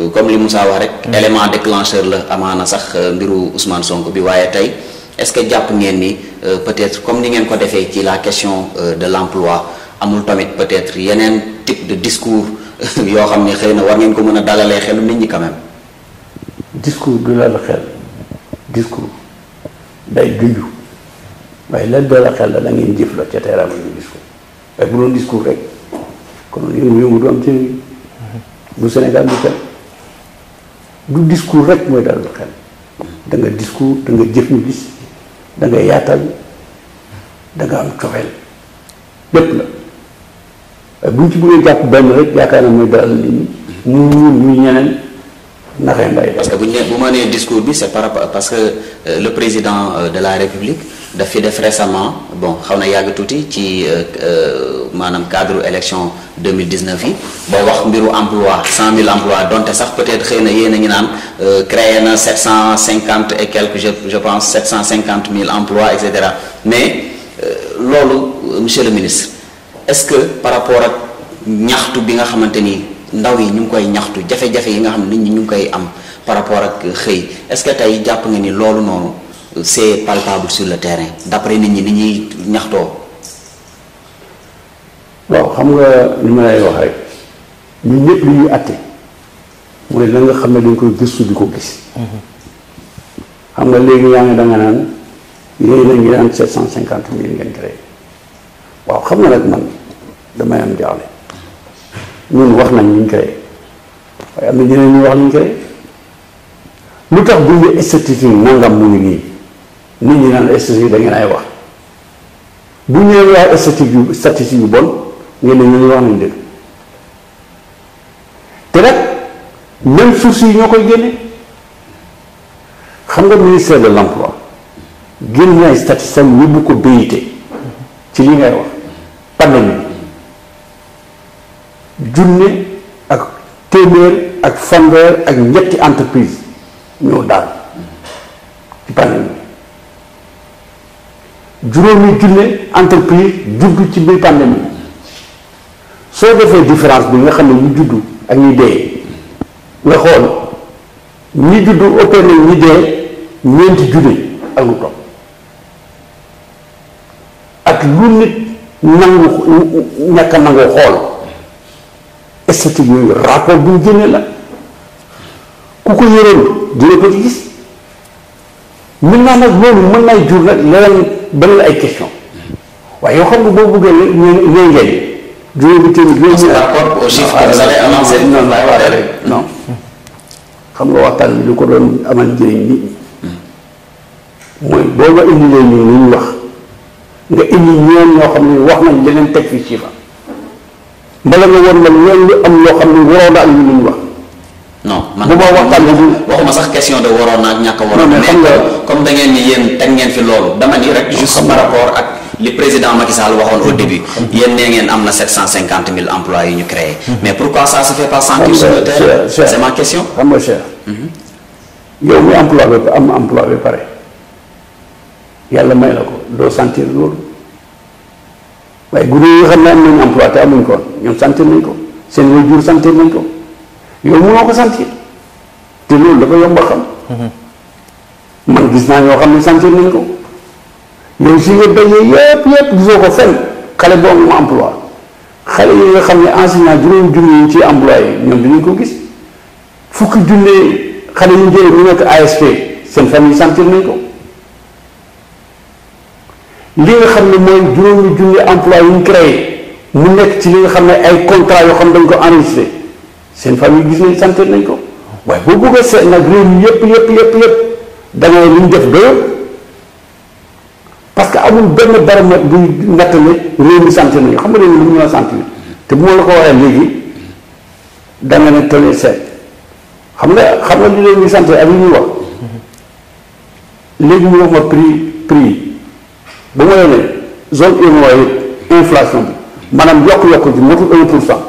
comme li Moussa wax rek. élément déclencheur la amaana sax euh, mbiru Ousmane Sonko bi waaye tey est-ce que jàpp ngeen ni euh, peut-être comme ni ngeen ko defee ci la question euh, de l'emploi amul tamit peut-être yeneen type de discours yoo xam ne xëy na war ngeen ko mën a dalalee xelu nit ñi quand même. discours du la xel discours day juju waaye lan dala xel la da ngeen jëf la ca teeraama ñu discours waaye bu doon discours rek kon yëngu-yëngu du am ci bu mhm. Sénégal du fenn. du discours rek moy dal xel da nga discours da nga jëf ñu gis da nga yaatal da nga am coxel lepp la bu ci bëggee japp ben rek yaakaar na mooy dalal nit ñu ñu ñeneen naxé mbay parce que bu ñe bu ma né discours bi c'est par rapport parce que euh, le président euh, de la république daf fi def récemment bon xaw na yàgg tuuti ci euh, euh, maanaam cadre élection 2019 yi ba wax mbiru emploi 100000 emplois donte sax peut-être xëy na yéen a ngi naan euh, créé na 750 et quelques je je pense 750 000 emplois et cetera mais loolu monsieur le ministre est-ce que par rapport ak ñaxtu bi nga xamante ni ndaw yi ñu ngi koy ñaxtu jafe-jafe yi nga xam ne nit ñi ñu ngi koy am par rapport ak xëy est-ce que tey jàpp nga ni loolu noonu. c'est palpable sur le terrain d'après nit ñi ni ñuy ñaxtoo. waaw xam nga ni ma lay wax rek ñun ñëpp li ñuy àtte mooy la nga xam ne dañ koy gëstu di ko gis. xam nga léegi yaa ngi da nga naan yéen ngi naan sept cent cinquante mille ngeen créé waaw xam nga nag man damay am jaaxle ñun wax nañ ñu créé waaye am na ñeneen ñu wax ñu créé lu tax bu ñu esthétique nangam mu ngi nit ñi naan statistique da ay wax bu ñu leen wax yu bon ngeen ne ñu wax nañ dëgg te nag même source yi ñoo koy génne xam nga ministère de l' emploi génn na statistique am ko BIT ci li ngay wax pandémie junne ak téeméer ak fanweer ak ñetti entreprise ñoo daal ci juróomi junne entreprise judd ci biir pandémie soo defee différence bi nga xam ne ñu judd ak ñuy dee nga xool ñi judd ëppee na ñi dee ñeenti junne ak lu topp ak lu nit nangu xool esthétique yooyu rapport bu ñu génne la ku ko yëroon dina ko ci gis mën naa nag loolu mën naay jur nag leneen ban la ay question waaye xam nga boo bëggee léegi ñooy ngeen juróomi tamit. ñooy ngeen rapport aussi nga waxtaan bi lu ko doon amal njëriñ nit wax nga indi ñoom ñoo xam ne wax nañ leneen teg fi ci fa mbala nga war ma ñoom am loo xam ne waroo daal ñu li ñu wax. non man bu boobaa waxtaan bi waxuma sax question de waroon naa ak ñàkk a xam mais comme da ngeen ni yéen teg ngeen fi loolu dama ni rek. juste par rapport ak li président Macky Sall waxoon au mm-hmm. début. yéen nee ngeen am na 750 000 emplois yu ñu créé. Mm-hmm. mais pourquoi ça se fait pas sentir sur le terrain c'est ma question. xam nga cher. Mm-hmm. yow mi emploi ba am emploi ba pare yàlla may la ko doo sentir loolu waaye guddi yi nga xam ne am nañu emploi te amuñ ko ñoom sentir nañ ko seen waajur sentir nañ ko. yow mënoo ko sentir te loolu dafa yomb a xam. man gis naa ñoo xam ne sentir nañ ko yow si nga béyee yëpp yëpp gisoo ko fenn xale boobu mu emploi xale yi nga xam ne enseignant juróom junni yi ci employé ñoom dinañ ko gis fukki junne xale yu mu nekk ASP seen famille sentir nañ ko nga xam ne mooy juróomi junne emploi yu ñu créé mu nekk ci li nga xam ne ay contrat yoo xam dañ ko enregistré. seen famille gis nañ santé nañ ko waaye boo bëgg a seet nag réew mi yëpp yëpp yëpp yëpp da def doyul parce que amul benn baromètre buy natt ne réew mi santé nañu xam nga réew mi lu ñu ñoo santé te bu ma la ko waxee léegi da nga ne seet xam nga xam nga li réew mi santé ak léegi ñu wax ma prix prix ba ma la zone euro inflation bi maanaam yokk-yokk bi motul un pour cent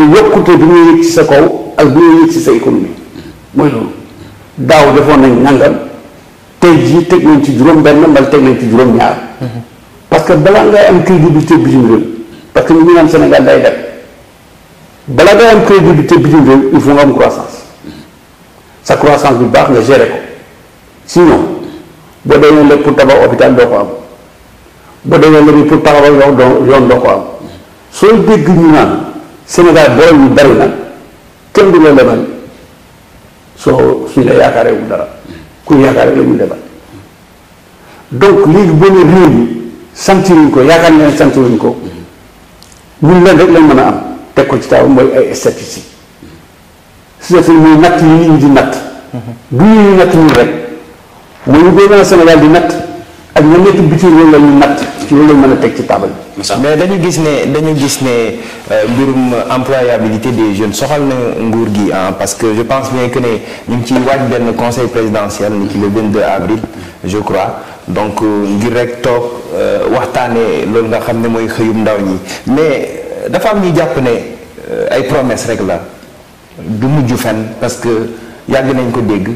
mooy yokkute bi ñuy yëg ci sa kaw ak bi ñuy yëg ci sa économie mooy loolu daaw defoon nañ nangam tey jii teg ci juróom-benn mbal teg nañ ci juróom-ñaar parce que balaa ngay am crédibilité bitim réew parce que ñu ngi naan Sénégal day dem balaa ngay am crédibilité bitim réew il faut nga am croissance sa croissance bi baax nga gérer ko sinon boo demee lépp pour tabax hôpital doo ko am boo demee lépp pour taxawal yoon doo ko am sooy dégg ñu naan. Sénégal borom yu bari na kenn du la lebal soo suñ la yaakaaree wu dara ku yaakaaree la ñu lebal donc léegi boo nee réew mi santiruñ ko yaakaar ngeen santiruñ ko ñun leen rek lañ mën a am teg ko ci taw mooy ay statistiques c'est-à-dire mooy natt yi nit ñi di natt du ñu natt ñun rek mooy ñu gouvernement Sénégal di natt ak ña nekk bitim réew la ñu natt ci loolu lañ mën a teg ci table mais dañu gis ne dañu gis ne euh, mbirum employabilité des jeunes soxal na nguur gi ah parce que je pense bien que ne ñu ngi ciy waaj benn conseil présidentiel qui ki le 22 avril je crois donc euh, ngir rek toog euh, waxtaanee loolu nga xam ne mooy xëyum ndaw ñi mais dafa am ñu jàpp ne ay promesse rek la du mujj fenn parce que yàgg nañ ko dégg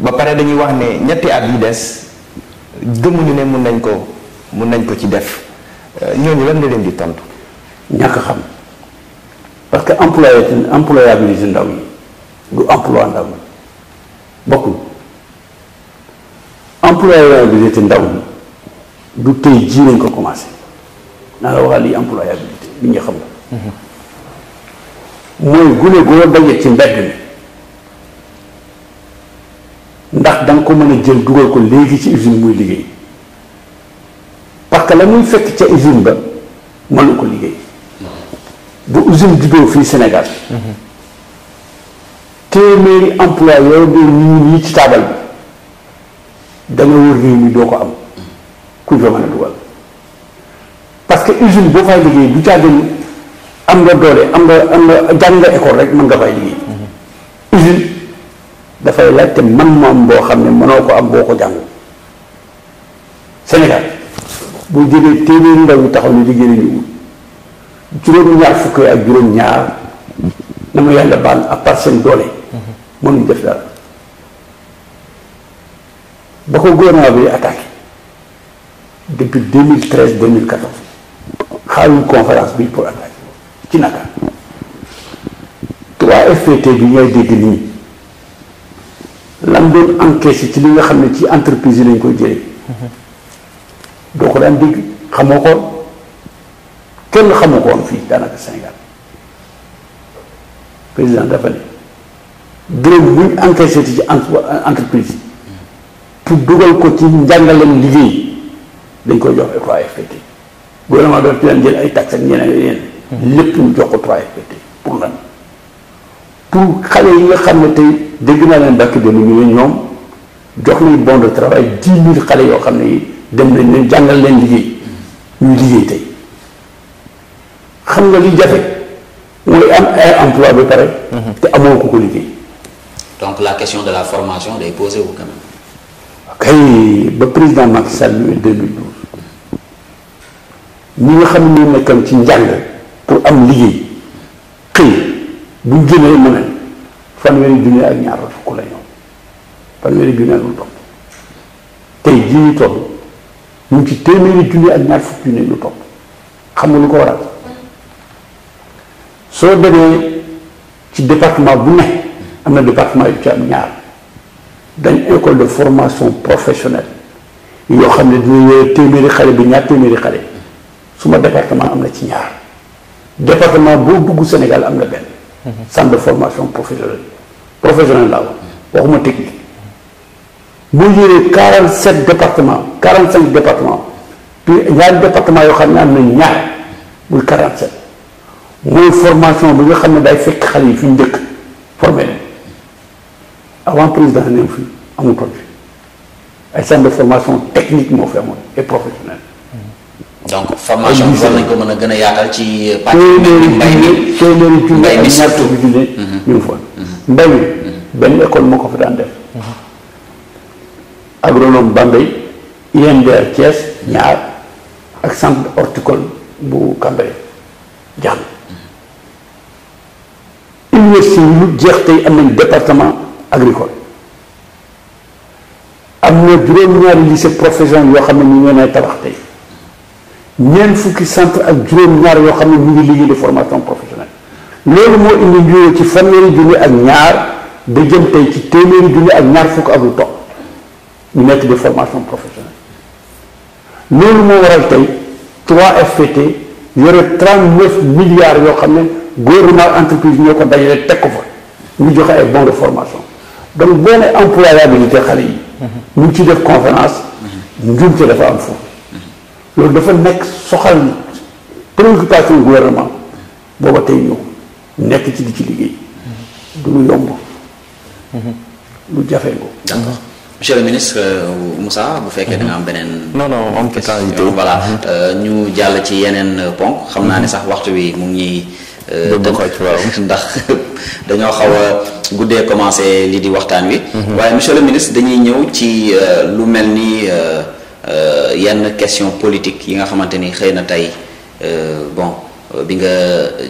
ba pare dañuy wax ne ñetti at yi des gëmuñu ne mun nañ ko mun nañ ko ci def euh, ñooñu lan nga leen di tontu. ñàkk xam parce que employé employabilité ndaw yi du emploi ndaw yi bokkul employabilité ndaw yi du tey jii lañ ko commencé naa la waxal lii employabilité li nga xam la mm-hmm. mooy gune goo daje ci mbedd mi ndax danga ko mën a jël dugal ko léegi ci usine muy liggéey que la muy fekk ko liggéey bu usine juddoo fii Sénégal téeméeri emploi yoo parce que usine boo fay liggéey du caagin am nga doole am nga jàng nga école rek mën nga fay liggéey usine dafay laajte man moom boo xam ne mënoo ko am boo ko jàng Sénégal boo jëlee téeméeri ndaw yu taxaw ne di génne ñu juróom-ñaar fukk ak juróom-ñaar na ma yàlla baal à part seen doole. Mhm. mënuñ def dara ba ko gouvernement bi attaqué depuis 2013 2014 xaaruñ conférence bi pour attaqué ci naka 3FPT bi ngay dégg nii lan doon encaissé ci li nga xam ne ci entreprise yi lañ koy jëlee. Mhm. doo ko daan dégg xamoo ko kenn xamoo ko woon fii daanaka Sénégal président dafa ne dërëm bu ñu encaissé ci entreprise pour dugal ko ci njàngaleem liggéey dañ koy jox 3FPT gouvernement daf ci daan jël ay taxes ak ñeneen yeneen hmm. lépp ñu jox ko 3FPT pour lan pour xale yi nga xam ne tey dégg naa leen dàkk de ñu ne ñoom jox nañ bon de travail dix mille xale yoo xam ne yi dem nañ leen jàngal leen liggéey ñuy liggéey tey xam nga li jafe mooy am ay emploi ba pare. Mhm. te amoo ko ko liggéey. donc la question de la formation day posé wu quand même. kay ba président Macky Sall ñu 2012 ñi nga xam ne nekkoon ci njàng pour am liggéey xëy bu ñu génnee mën a fanweeri junni ak ñaar fukk la ñoom fanweeri junni lu topp tey jii ñu toll. mu ci téeméeri junni ak ñaar fukk junni lu topp xam nga lu ko waral soo demee ci département bu ne am na département yu ci am ñaar dañ école de formation professionnelle yoo xam ne dina yore téeméeri xale bi ñaar téeméeri xale suma département am na ci ñaar département boo dugg Sénégal am na benn mhm. centre de formation professionnelle professionnelle laa waxuma technique boo jëlee 47 département 45 département puis ñaari département yoo xam ne am na ñaar muy 47 mooy formation bi nga xam ne day fekk xale yi fi ñu dëkk formé avant président neew fi amutoon fi ay centre de formation technique moo fi amoon et professionnelle donc formation bi war nañ ko mën a gën a yaatal ci pàcc mbay mi téeméeri junni ak ñaar fukki junni mhm. ñu ngi foon mhm. mbay mi mhm. benn école moo ko fa daan def agronome Bambey INDR Thiès ñaar ak centre horticole bu Cambérène jàng université yi lu jeex tey am département agricole am na juróom-ñaari lycée professionnel yoo xam ne ñu ngi tabax tey ñeent fukki centre ak juróom-ñaar yoo xam ne ngi liggéey de formation professionnelle loolu mo indi njuróo ci fanweeri junni ak ñaar da jëm tey ci téeméeri junni ak ñaar fukk ak lu topp nekk de formation professionnelle loolu nous waral tey 3FPT aurait 39 milliards yoo xam ne gouvernement entreprise ñoo ko dajale des ko fa ñu joxe ay bons de formation donc boo nee employabilité xale yi. Mmh. ñu ci def conférence. Mmh. njuumte dafa am foofu. loolu dafa nekk soxal préoccupation gouvernement booba tey ñëw nekk ci di ci liggéey. Mmh. du lu yomb. lu jafe ko. monsieur le ministre euh, musa bu fekkee da am mhm. beneen. non non am totalité voilà mhm. euh, ñu jàll ci yeneen euh, ponk. xam naa ne mhm. sax waxtu wi mu ngi ñuy. ndax dañoo xaw a guddee commencé lii di waxtaan wi. waaye monsieur le ministre dañuy ñëw ci lu mel ni yenn question politique yi nga xamante ni xëy na tey bon bi nga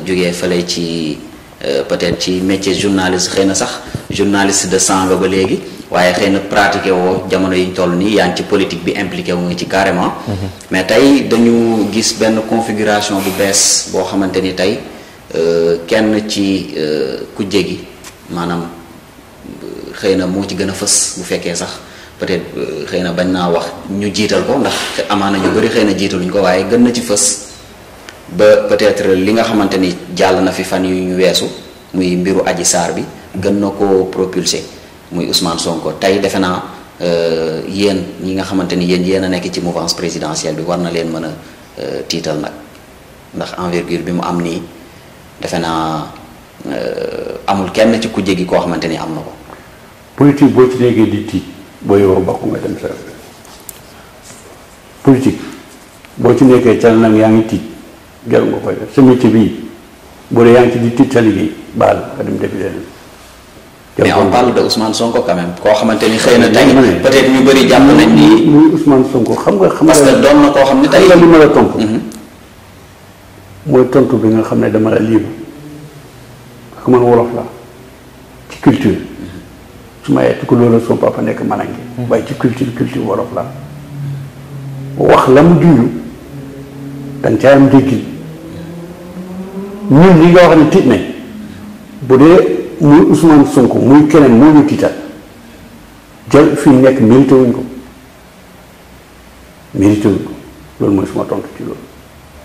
jógee fale ci. Euh, peut-être ci métier journaliste xëy na sax journaliste de sang nga ba léegi waaye xëy na pratiqué woo jamono yi ñu toll nii yaa ngi ci politique bi impliqué wu nga ci carrément. Mhm. mais tey dañu gis benn configuration bu bees boo xamante ni tey euh, kenn ci euh, kujje gi maanaam xëy na moo ci gën a fës bu fekkee sax peut-être xëy na bañ naa wax ñu jiital ko ndax amaana ñu bari xëy na jiitaluñ ko waaye gën na ci fës. ba peut-être li nga xamanteni jall na fi fan yu ñu wessu muy mbiru aji sar bi gën nako propulser muy Ousmane Sonko tay defena euh yeen ñi nga xamanteni yeen yeena nek ci mouvance présidentielle bi war na leen mëna euh tiital nak ndax envergure bi mu am ni defena euh amul kenn ci ku jégi ko xamanteni am nako ko politique bo ci négé di tit booy wax bokk nga dem sa politique bo ci négé cal nag yaangi tit jarul nga koy def sa métier bii bu dee yaa ngi ci di tiit yi liggéey baal nga dem defi leneen. mais on parle de Ousmane Sonko quand koo xamante ni xëy na tey peut-être ñu bëri jàpp nañ Sonko xam nga. xam nga koo xam ne tey. li ma la mhm. tontu. bi nga xam ne dama la libre ak man wolof la ci culture. Mhm. su ma yeetu ko loolu son papa nekk Malangue. Mhm. waaye ci culture culture wolof la wax la mu danga caa am déggin. ñun li nga wax ne tiit nañ bu dee muy Ousmane Sonko muy keneen moo ñu tiital jël fi mu nekk mérité ko mérité ko loolu mooy suma tontu ci loolu.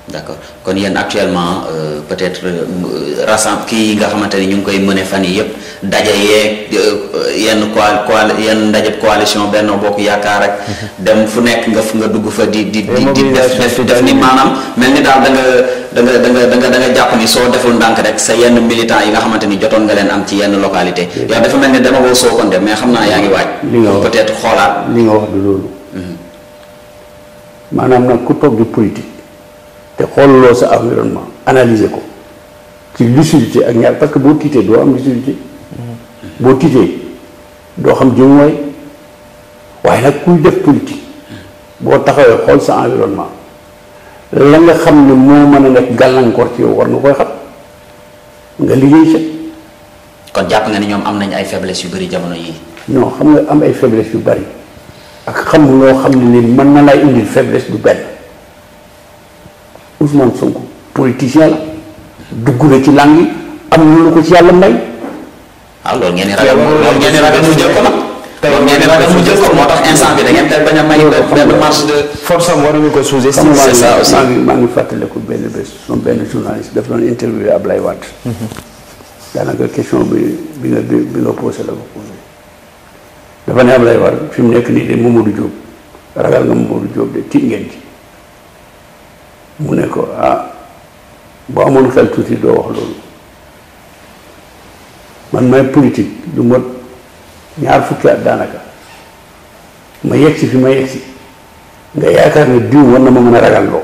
d' accord kon yéen actuellement euh, peut être euh, euh, rassemble kii yi nga xamante ni ñu ngi koy mëne fan yi yëpp daje yeeg euh, yenn coal coal yenn ndajeb coalition benn Bokk Yaakaar ak. Mhm. dem fu nekk nga nga dugg fa di di di di def def ni maanaam mel ni daal da nga da nga da nga da nga da nga jàpp ni soo deful ndànk rek sa yenn militant yi nga xamante ni jotoon nga leen am ci yenn localité yow dafa mel ni dama woo soo kon dem mais xam naa yaa ngi waaj. li nga wax peut être xoolaat. li wax du loolu. Mhm. maanaam te loo sa environnement analyser ko ci lucidité ak ñaar parce que boo tiitee doo am lucidité mm-hmm. boo tiitee doo xam jëmuwaay waaye nag kuy def politique boo taxawee xool sa environnement la nga xam ne moo mën a nekk gàllankoor ci yow war nga koy xam nga liggéey ci kon jàpp nga ni ñoom am nañ ay faiblesse yu bari jamono yii. non xam nga am ay faiblesse yu bari ak xam loo xam ni mën na lay indil faiblesse bu benn. Ousmane Sonko politicien la dugg na ci làng yi am na ko ci yàlla may. waaw ah, loolu ngeen di ragal loolu ngeen di ragal mu jël loolu ngeen di ragal moo tax ngeen teel bañ a may benn marche de benn bés. son benn journaliste daf doon interview Ablaye mhm. bi bi nga bi nga la ko posé. mu nekk nii de Mamadou Diop ragal nga Mamadou Diop de tiit ngeen ci. mu ne ko ah boo amoon xel tuuti doo wax loolu man may politique lu mot ñaar fukki at daanaka ma yegg si fi ma yegg nga yaakaar ne diw war na ma mën a ragal loo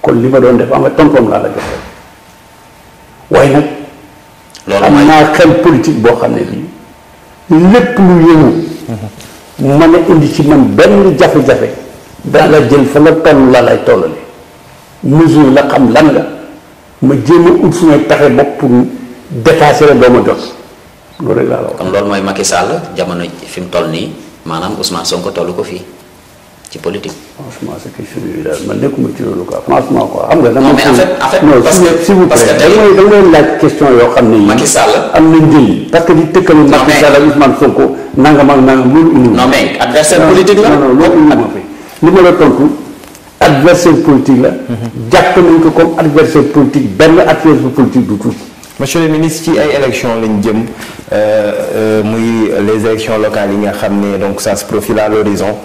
kon li ma doon def am ama tontoom laa la jox rek waaye am naa xel boo xam ne lii lépp mhm. mën indi ci man benn jafe-jafe daan la jël fa la toll laa lay tollale mesure la xam lan la ma jéem a ut fu may bopp pour dépasser la doo ma jot loolu rek loolu mooy Macky Sall jamono fi mu toll nii maanaam Ousmane Sonko tollu ko fii ci politique. franchement c'est question bi daal man nekkuma ci loolu quoi franchement quoi. xam nga que s'il vous plaît da nga may laaj question yoo xam ne. Macky Sall am na njëriñ. parce que di tëkkale Macky Sall ak Ousmane loolu. non ma fi li ma la tontu. adversaire politique la. Mhm. jàpp ko comme adversaire politique ben adversaire politique du tout. monsieur le ministre ci ay élection lañ jëm euh, euh, muy les élections locales yi nga xamné donc ça se profile à l'horizon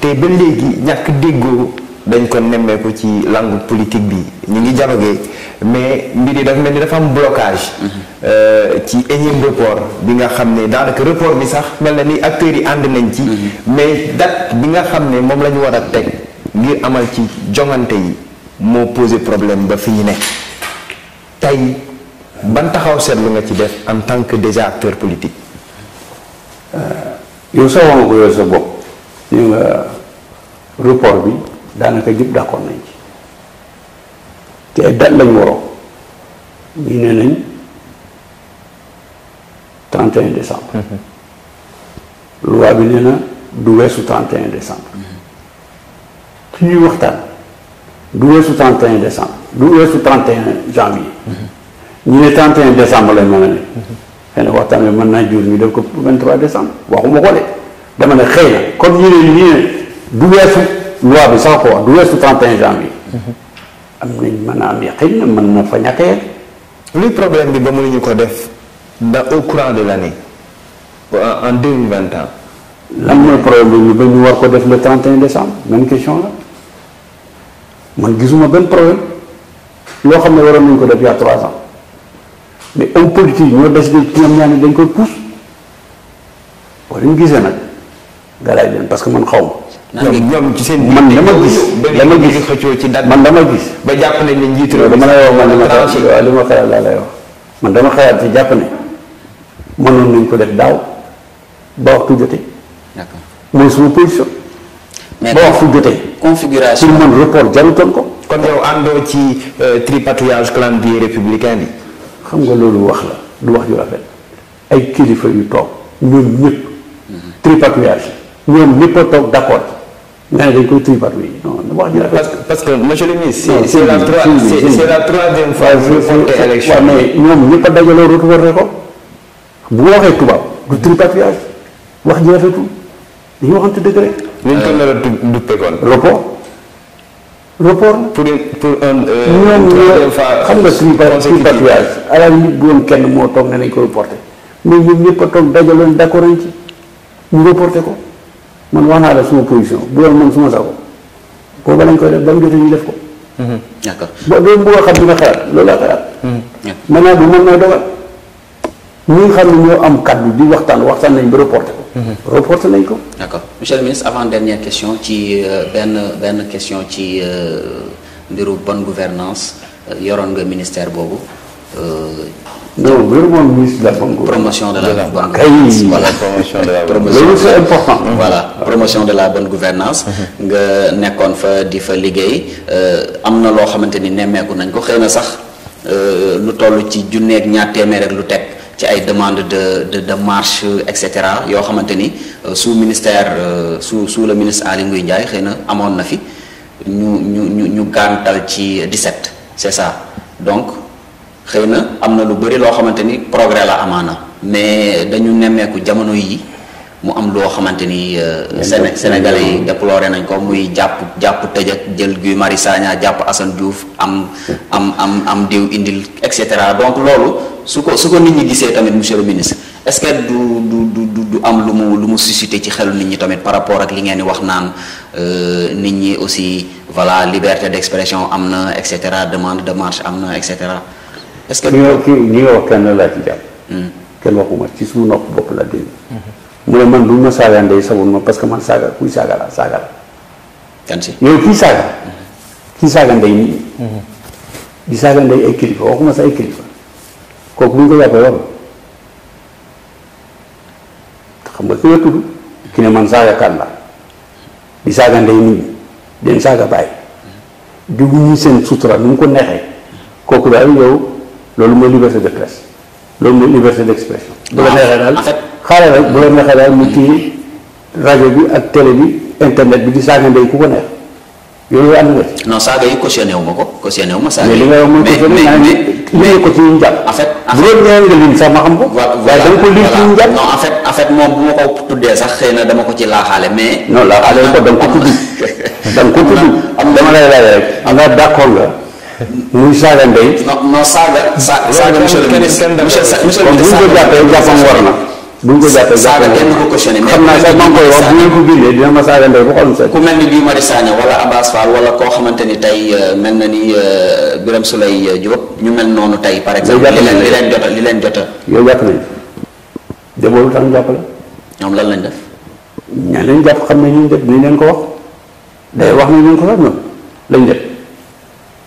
té ba léegi ñàkk déggoo dañ ko ko ci langue politique bi ñi ngi dialogué mais mbir yi dafa dafa am blocage. Mhm. Euh, ci énième report bi nga xamné da daanaka report bi sax melni na acteurs yi and nañ ci. Mhm. mais date bi nga xamné mom lañu la ñu ngir amal ci jongante yi moo posé problème ba fi ñu nekk tey ban taxaw seetlu nga ci def en tant que déjà acteur politique. Euh, yow sa wax nga ko yow sa bopp. ñu nga report bi daanaka jëpp d'accord nañ ci te ay date lañ waroo ñu ne nañ 31 décembre. Mm-hmm. loi bi nee na du weesu 31 décembre. su ñuy waxtaan du weesu 31 décembre du weesu 31 janvier. ñu ne 31 décembre lañ mën a ne. xëy waxtaan bi mën naa jur ñu def ko 23 décembre waxuma ko de dama ne xëy na comme ñu ne ñu weesu loi bi du weesu 31 janvier. am nañ a am xëy na mën na fa ñàkk luy problème bi ba mënuñu ko def da au courant de l' année en deux mille vingt ans. lan mooy problème bi ba ñu war ko def le 31 décembre même question la. man gisuma benn problème loo xam ne waroon nañ ko def yaa trois ans mais homme politique ñoo décidé ci ñoom ñaar dañ koy pousse boo leen gisee nag garaay leen parce que man xaw ma. ci seen man dama gis dama gis xëccoo ci date man dama gis. ba jàpp nañ ne njiitu réew dama lay wax man ma xalaat li ma xalaat man dama xalaat ci jàpp ne mënoon nañ ko def daaw ba waxtu jotee. mooy suma position. mais ba wax fu jotee. configuration pour man report jarutoon ko. kon yow àndoo ci euh, tripatouillage calendrier républicain bi. xam nga loolu wax la du wax ju rafet ay kilifa yu toog ñoom ñëpp. Mm-hmm. tripatouillage ñoom ñëpp a toog d' accord nga ne dañ koy tripatouiller non wax que monsieur le ministre. non c' est la c' est la troisième ñëpp a dajaloo reporté ko bu waxee tubaab du tripatouillage wax ju rafetul dañu waxante dëgg rek. ñu ko nar a duppe kon. report. report. pour pour euh, xam nga suñu par suñu patrouillage alal nit bu woon kenn moo toog ne nañ ko reporté mais ñun ñëpp a toog dajaloon d' accord nañ ci ñu reporté ko man wax naa la suma position bu doon man suma sago booba lañ koy def ba mu jotee ñu def ko. Mhm. d' accord boo doon a xam dina xalaat loolu laa xalaat. Mhm. maintenant du man mooy dogal ñi xam ne ñoo am kaddu di waxtaan waxtaan nañ ba reporté ko. Mhm. reporté nañ ko. d'accord accord monsieur le ministre avant dernière question ci ben ben question ci euh, mbiru bonne gouvernance euh, yoron nga ministère boobu. non loolu moom ministre de la bonne promotion de la bonne gouvernance voilà promotion de la promotion c'est important. Mhm. voilà promotion de la bonne gouvernance mhm. nga nekkoon fa di fa liguey euh amna lo xamanteni ni nemmeeku nañ ko xëy na sax lu tollu ci ak ñaar téeméer ak lu teg. ci ay demande de de de marche et cetera yoo xamante ni euh, sous ministère euh, sous sous le ministre Aly Ngouille Ndiaye xëy na amoon na fi ñu ñu ñu ñu gàntal ci 17 c'est ça donc xëy na am na lu bëri loo xamante ni progrès la amaana mais dañu nemmeeku jamono yi mu am loo Senegal ni euh, sénégalais yi déploré nañ ko muy japp japp tejja ak Guy japp Assane Diouf am am am am diw indil et cetera donc lolu suko suko nit ñi gisee tamit monsieur le ministre est ce que du du du du am lu mu lu mu susciter ci xel nit ñi tamit par rapport ak li ngeen di wax naan euh, nit ñi aussi voilà liberté d'expression amna et cetera demande de marche amna et cetera est ce que. ñu ñu wax kan la ci kan waxuma ci suñu nopp bop la dégg. Hmm. mu ne man lu ma saaga ndey sabun ma parce que man saaga kuy saaga la saaga la. kan si yow kii saaga. kii saaga ndey nii. Mhm. di saaga ndey ay kilifa waxuma sa ay kilifa kooku bu ñu ko jàppee warul xam nga ki nga tudd ki ne man saaga kan la di saaga ndey nit ñi den saaga bàyyi di wuñu seen sutura nu mu ko neexee kooku daal yow loolu mooy liberté de presse loolu mooy liberté d'expression. bu la neexee daal. xaaral rek bu la neexee daal mu téye rajo bi ak télé bi internet bi di saaga ndey ku ko neex yooyu ànd nga ci. ko cautionné nga wax mooy cautionné ko ci ñu jàpp. en ma xam ko. voilà voilà da nga ko lim ci ñu jàpp. non en fait en fait moom na dama ko ci laaxaale mais. non laaxaale ko da nga ko tudd. da nga ko tudd dama lay laaj rek. nga d'accord nga. muy war na. buñ ko jàppee saaga kenn du ko cautionné xam naa sax maa ngi koy wax bu ngeen ko bindee dina ma saaga ndey bu xol sax ku mel ni Guy Marius Sagna wala Abass Fall wala koo xamante ni tey euh, mel na ni euh, Birame Souleye euh, Diop ñu mel noonu tey par exemple li leen li li leen jota yow jàpp nañ demoo lu tax ñu ñoom lan lañ def ñaa leen jàpp xam ñu def nañ leen ko wax wax nañ leen ko sax ñoom lañ def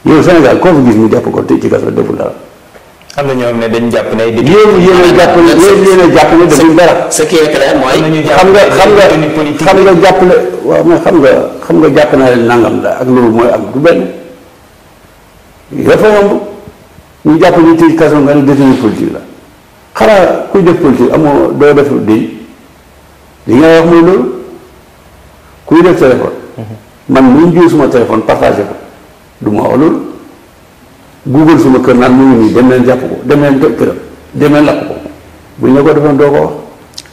yow Sénégal koo fa gis mu jàpp ko te ci gas la deful dara am na ñoo xam ne dañu jàpp ne. yéen yéen a jàpp ne a jàpp ne xam nga xam nga jàpp ne waaw mais xam nga xam nga jàpp naa leen nangam la ak loolu mooy am du benn dafa yomb ñu jàpp ne tëj kaso nga ne détenu politique la xanaa kuy def politique amoo doo def déy li nga wax mooy loolu kuy def téléphone. Mhm. man bu ñu suma téléphone partagé ko du wax loolu. google suma kër naan mu ngi nii dem leen jàpp ko dem leen toj demee dem ko bu ñu la ko defoon doo ko wax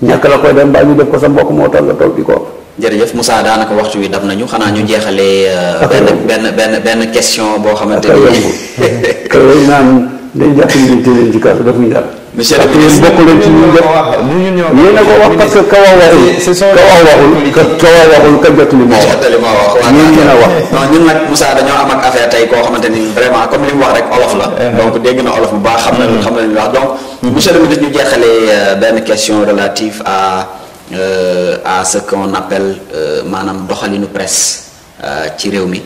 ñàkk la koy dem mbaa ñu def ko sa mbokk moo tax nga toog di ko wax jërëjëf Moussa daanaka waxtu wi dab nañu xanaa ñu jeexalee benn benn benn benn question boo xamante ni naan dañ jàpp ñu leen ci kaso defuñ dara monsieur le ministre bokk leen ci ñun jot yéen a ko wax parce que mu wax eh. bu baax xam na mm-hmm. xam na mu wax donc mm-hmm. jeexalee euh, benn question relative à euh, à ce qu'on appelle euh, maanaam doxalinu presse ci réew mi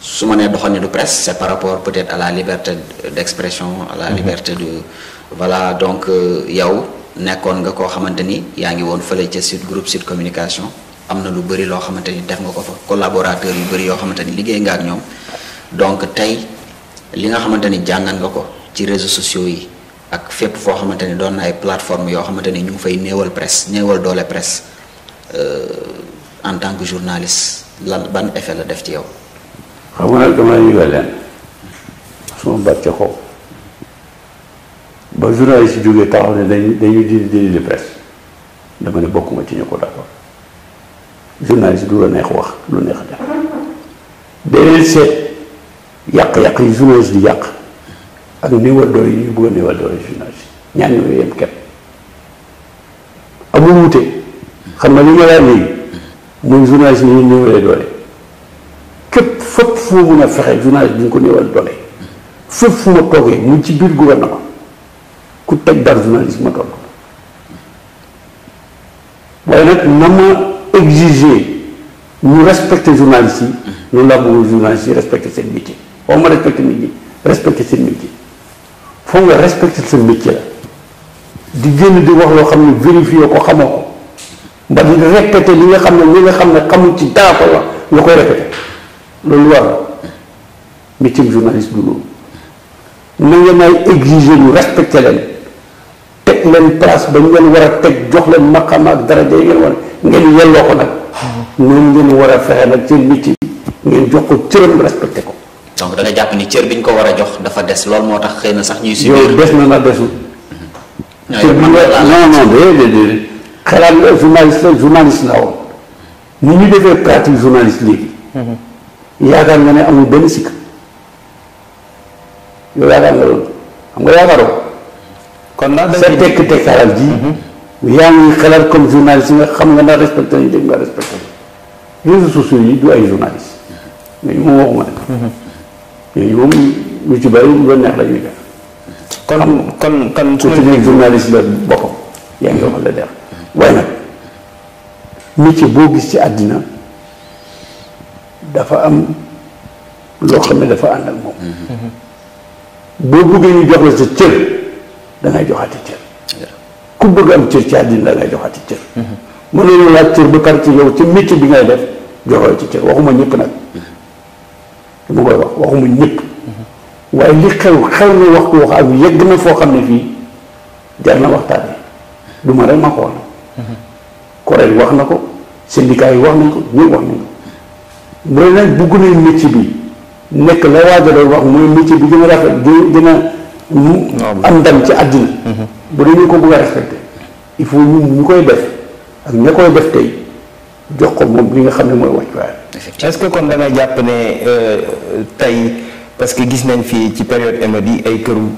su ma nee doxalinu presse c'est par rapport peut-être à la liberté d'expression à la mm-hmm. liberté de voilà donc euh, yow nekkoon nga koo xamante ni yaa ngi woon fële ca sud groupe sud communication am na lu bëri loo xamante ni def nga ko fa collaborateur yu bëri yoo xamante ni liggéey nga ak ñoom donc tey li nga xamante ni jàngan nga ko ci réseau sociaux yi ak fépp foo xamante ni doon na ay plateforme yoo xamante ni ñu fay néewal presse néewal doole presse euh, en tant que journaliste lan ban effet la def ci yow. xam nga damay yëgal leen. su ma bàcc ko. ba journaliste yi jógee taxaw ne dañuy dañuy dindi dindi de presse dama ne bokkuma ci ñu ko d'accord journaliste du la neex wax lu neex def beneen seet yàq-yàq yi journaliste di yàq ak néew a doole yi ñu bëgg a néew a doole journaliste ñaar ñooy yem képp amul wuute xam nga li nga laaj léegi mooy journaliste yi ñu néewalee doole képp fépp fu mun a fexe journaliste bi ko néewal doole fépp fu ma toogee mu ci biir gouvernement. ku teg dara journaliste ma toog waaye nag na ma exiger ñu respecter journaliste yi noonu laa bëgg journaliste yi respecter seen métier waaw ma respecter nit ñi respecter seen métier foog nga respecter seen métier la di génn di wax loo xam ne vérifier ko xamoo ko mba di répéter li nga xam ne li nga xam ne xamul ci dara ko wax nga koy répéter loolu war métier journaliste du loolu na nga may exiger ñu respecter leen teg leen place ba ñu leen war a teg jox leen maqama ak daraja yi ngeen war ngeen yelloo ko nag noonu ngeen war a fexe nag seen nit yi ngeen jox ko cëram respecté ko donc da nga jàpp ni cër bi ñu ko war a jox dafa des loolu moo tax xëy na sax ñuy subir des na na desul cër bi nga non non déedéet déedéet xalaat nga journaliste la journaliste la woon ni ñu defee pratique journaliste léegi mm-hmm. yaakaar nga ne amul benn sikk yow yaakaar nga loolu xam nga yaakaaroo kon nag sa tekk tekkaaral ji. Mhm. yaa ngi xalaat comme journaliste nga xam nga ndax respecté nañu dégg yi du ay journaliste. ñooñu moom waxuma ne. ñooñu mhm. moom lu ci bëri lu neex la ñuy def. kon kon kon su nekk journaliste la boppam yaa ngi wax la boo gis ci àddina dafa am loo xam ne dafa ànd ak moom. Mhm. boo bëggee ñu jox la sa cër. da ngay joxaati cër. ku bëgg am cër ci àddina da ngay joxaati cër. Mm-hmm. mënuñu laaj cër ba pare ci ci métier bi ngay def joxoo ci cër waxuma ñëpp nag. Mm-hmm. dama koy wax waxuma ñëpp. Mm-hmm. waaye li xew xew na wax ak yegg foo xam ne fii jar na waxtaanee du ma rek ma ko wax na. kuréel wax na ko syndicat wax nañ ko ñëpp wax nañ ko. mu ne nag bugg nañ métier bi nekk la waaj wax mooy métier bi gën a rafet ñu am ndam ci àddina bu dee ñu ko bëgg a il faut ñun ñu koy def ak ña koy def tey jox ko moom li nga xam ne mooy wàccuwaay est-ce que kon da nga jàpp ne euh, tey parce que gis nañ fii ci période émeute yi ay këru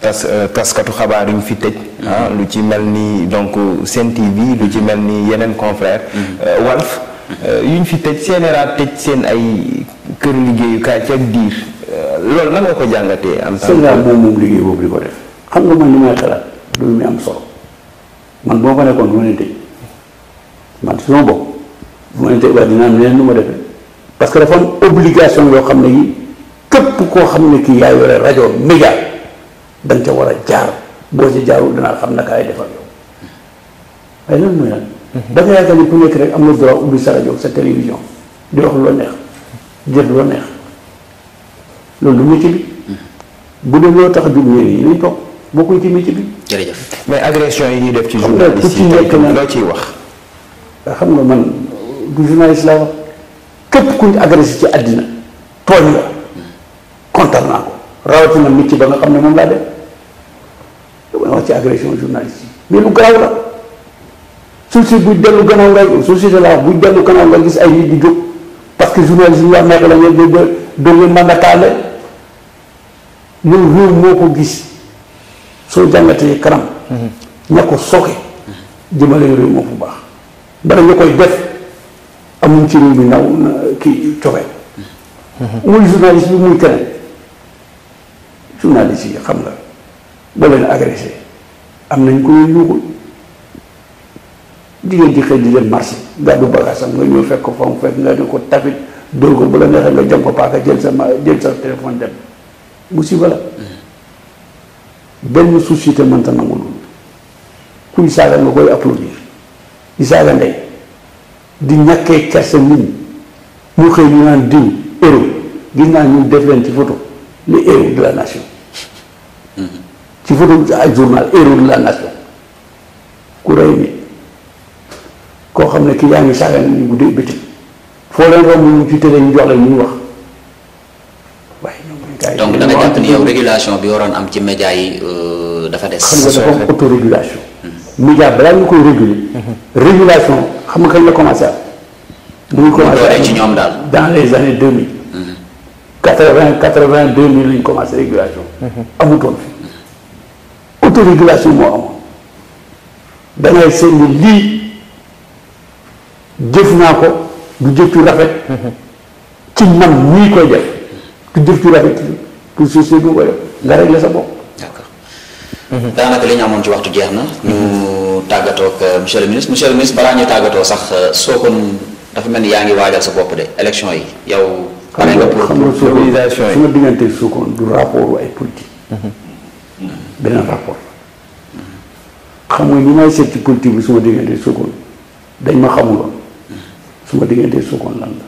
tas euh, taskatu xabaar yu fi tëj mm-hmm. ah, lu ci mel ni donc Sen TV lu ci mel ni yeneen confrère mm-hmm. euh, Walf yu ñu fi tëj seen raat tëj seen ay këru liggéeyukaay ci ak diir Euh, loolu nan nga ko jàngatee. am Sénégal moom moom liggéey boobu di ko def. xam nga man li may xalaat du mi am solo man boo ma nekkoon du ma leen man su ma bopp du ma leen tëj ma defee parce que dafa am yoo xam ne yi képp koo xam ne kii yaa yore rajo war a jaar boo mhm. da ku nekk rek am na droit ubbi sa rajo sa télévision di wax loo neex di def neex. loolu lu métier bi bu dee loo tax du jug ñeneen yi ñuy toog bokkul ci métier mais agression yi ñuy def ci journaliste yi loo ciy wax. xam nga man du journaliste laa wax ci àddina tooñ naa ko rawatina métier ba nga xam ne moom laa def wax ci agression journaliste yi mais lu garaaw la société buy dellu gannaaw nga société laa wax buy dellu gannaaw nga gis ay nit di jóg parce que journaliste yi ñu wax nekk la ñu doon doon loolu réew moo ko gis soo jàngatee kanam. Mm-hmm. ña ko soke jëmale réew fu baax bala ñu koy def amuñ ci réew bi naw na kii cofe mm-hmm. muy journaliste bi muy keneen journaliste yi xam nga boo leen agressé am nañ ko leen yuuxul jigéen ji xëy di dem marché gàddu bagaasam nga ñëw fekk ko fa mu fekk nga ne ko tafit dóor bu la neexee nga jam ko paaka jël sa ma jël sa téléphone dem musiba la benn société mënta nangu loolu kuy saaga nga koy applaudir di saaga ndey di ñàkkee kersa nit mu xëy ñu naan diw héros gis ñu def leen ci photo le héros de la nation ci photo ay journal héros de la nation ku rey nit koo xam ne ki yaa ngi saaga nit ñi guddi foo leen romb ñu ci télé ñu jox leen ñu wax donc da nga jàpp ni yow régulation bi waroon am ci média yi euh, dafa des. xam nga dafa am autorégulation. Hmm. média balaa ñu koy réguler. Hmm. régulation xam nga kañ la commencé am. mu ngi commencé ci ñoom daal. dans les hmm. la ñu commencé régulation. amutoon fi autorégulation moo amoon da ngay seet ni lii jëf naa ko du jëf ju rafet. ci man nii koy def. ku jëf ci rafet ku société bu ko def nga réglé sa bopp. d'accord mhm. daanaka li ñu amoon ci waxtu jeex na. ñu tàggatoo ak euh, monsieur le ministre monsieur le ministre balaa ñuy tàggatoo sax euh, soo ko dafa mel ni yaa ngi waajal sa bopp de élection yi yow. pare nga pour mobilisation yi xam nga suma diggante Sokone du rapport ay politique. Mhm. beneen rapport xam nga ñi may seet ci politique bi suma ma xamuloon mhm. suma diggante Sokone lan la.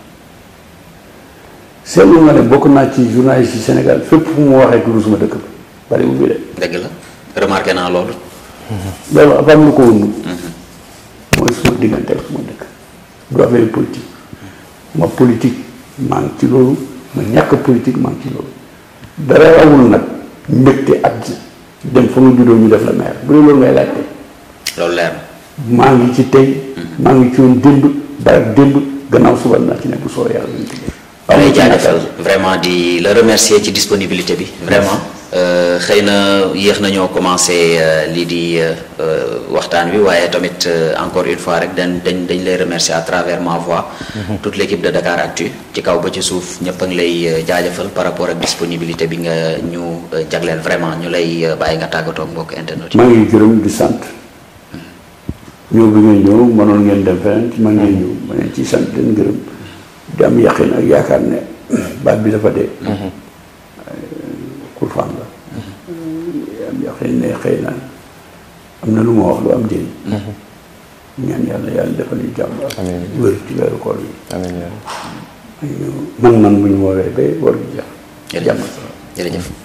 seetlu nga ne bokk naa ci journaliste yi Sénégal fépp fu mu waxee tudd suma dëkk ba bëriwul bi de. dëgg la remarqué naa loolu. loolu dafa am ko wënd. mooy suma diggante ak suma dëkk. du affaire politique ma politique ma ñàkk dara rawul nag mbégte ak ji dem fa nga juddoo ñu def la maire bu dee loolu ngay laajte. loolu leer maa ngi ci tey. Mhm. maa ngi ci woon démb dara démb gannaaw suba naa ci nekk bu soobee yàlla lay vraiment di la remercier ci disponibilité bi vraiment euh, xëy na yéex nañoo commencé euh, lii di euh, waxtaan wi waaye tamit encore une fois rek dañ dañ dañ lay remercier à travers ma voix mhm. toute l'équipe de Dakar Actu ci kaw ba ci suuf ñëpp a lay jaajëfal par rapport ak disponibilité bi nga ñëw jagleel vraiment ñu lay bàyyi nga tàggatoo mbokk internet yi. maa ngi gërëm di sant mhm. ñoo bi ngeen ñëw mënoon ngeen dem feneen maa mhm. ñëw ma leen ciy sant leen gërëm. di am yaqin ak yaakaar ne baat bi dafa de mhm. kurfaan la am yaqin ne xëy na am na lu ma wax lu am njëriñ mhm. ñaan yàlla yàlla defal ñu jàmm wér ci weeru koor yi amiin man man bu ñu woowee ba war gi jeex jàmm jërëjëf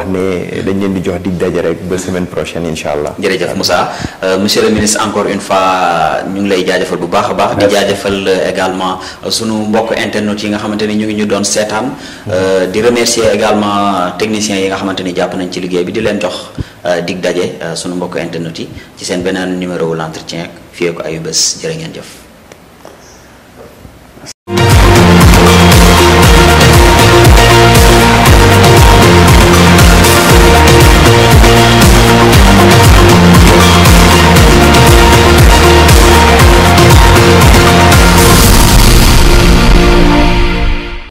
wax ne dañ leen di jox dig daje rek ba semaine prochaine incha allah. jërëjëf musa euh, monsieur le ministre encore une fois ñu ngi lay jaajëfal bu baax a baax. di jaajëfal euh, également euh, sunu mbokk internet yi nga xamante ni ñu ngi ñu doon seetaan. di remercier également techniciens yi nga xamante ni jàpp nañ ci liggéey bi di leen jox dig daje sunu mbokk internet yi ci seen beneen numéro wu l'entretien fii ay bés jërë ngeen jëf.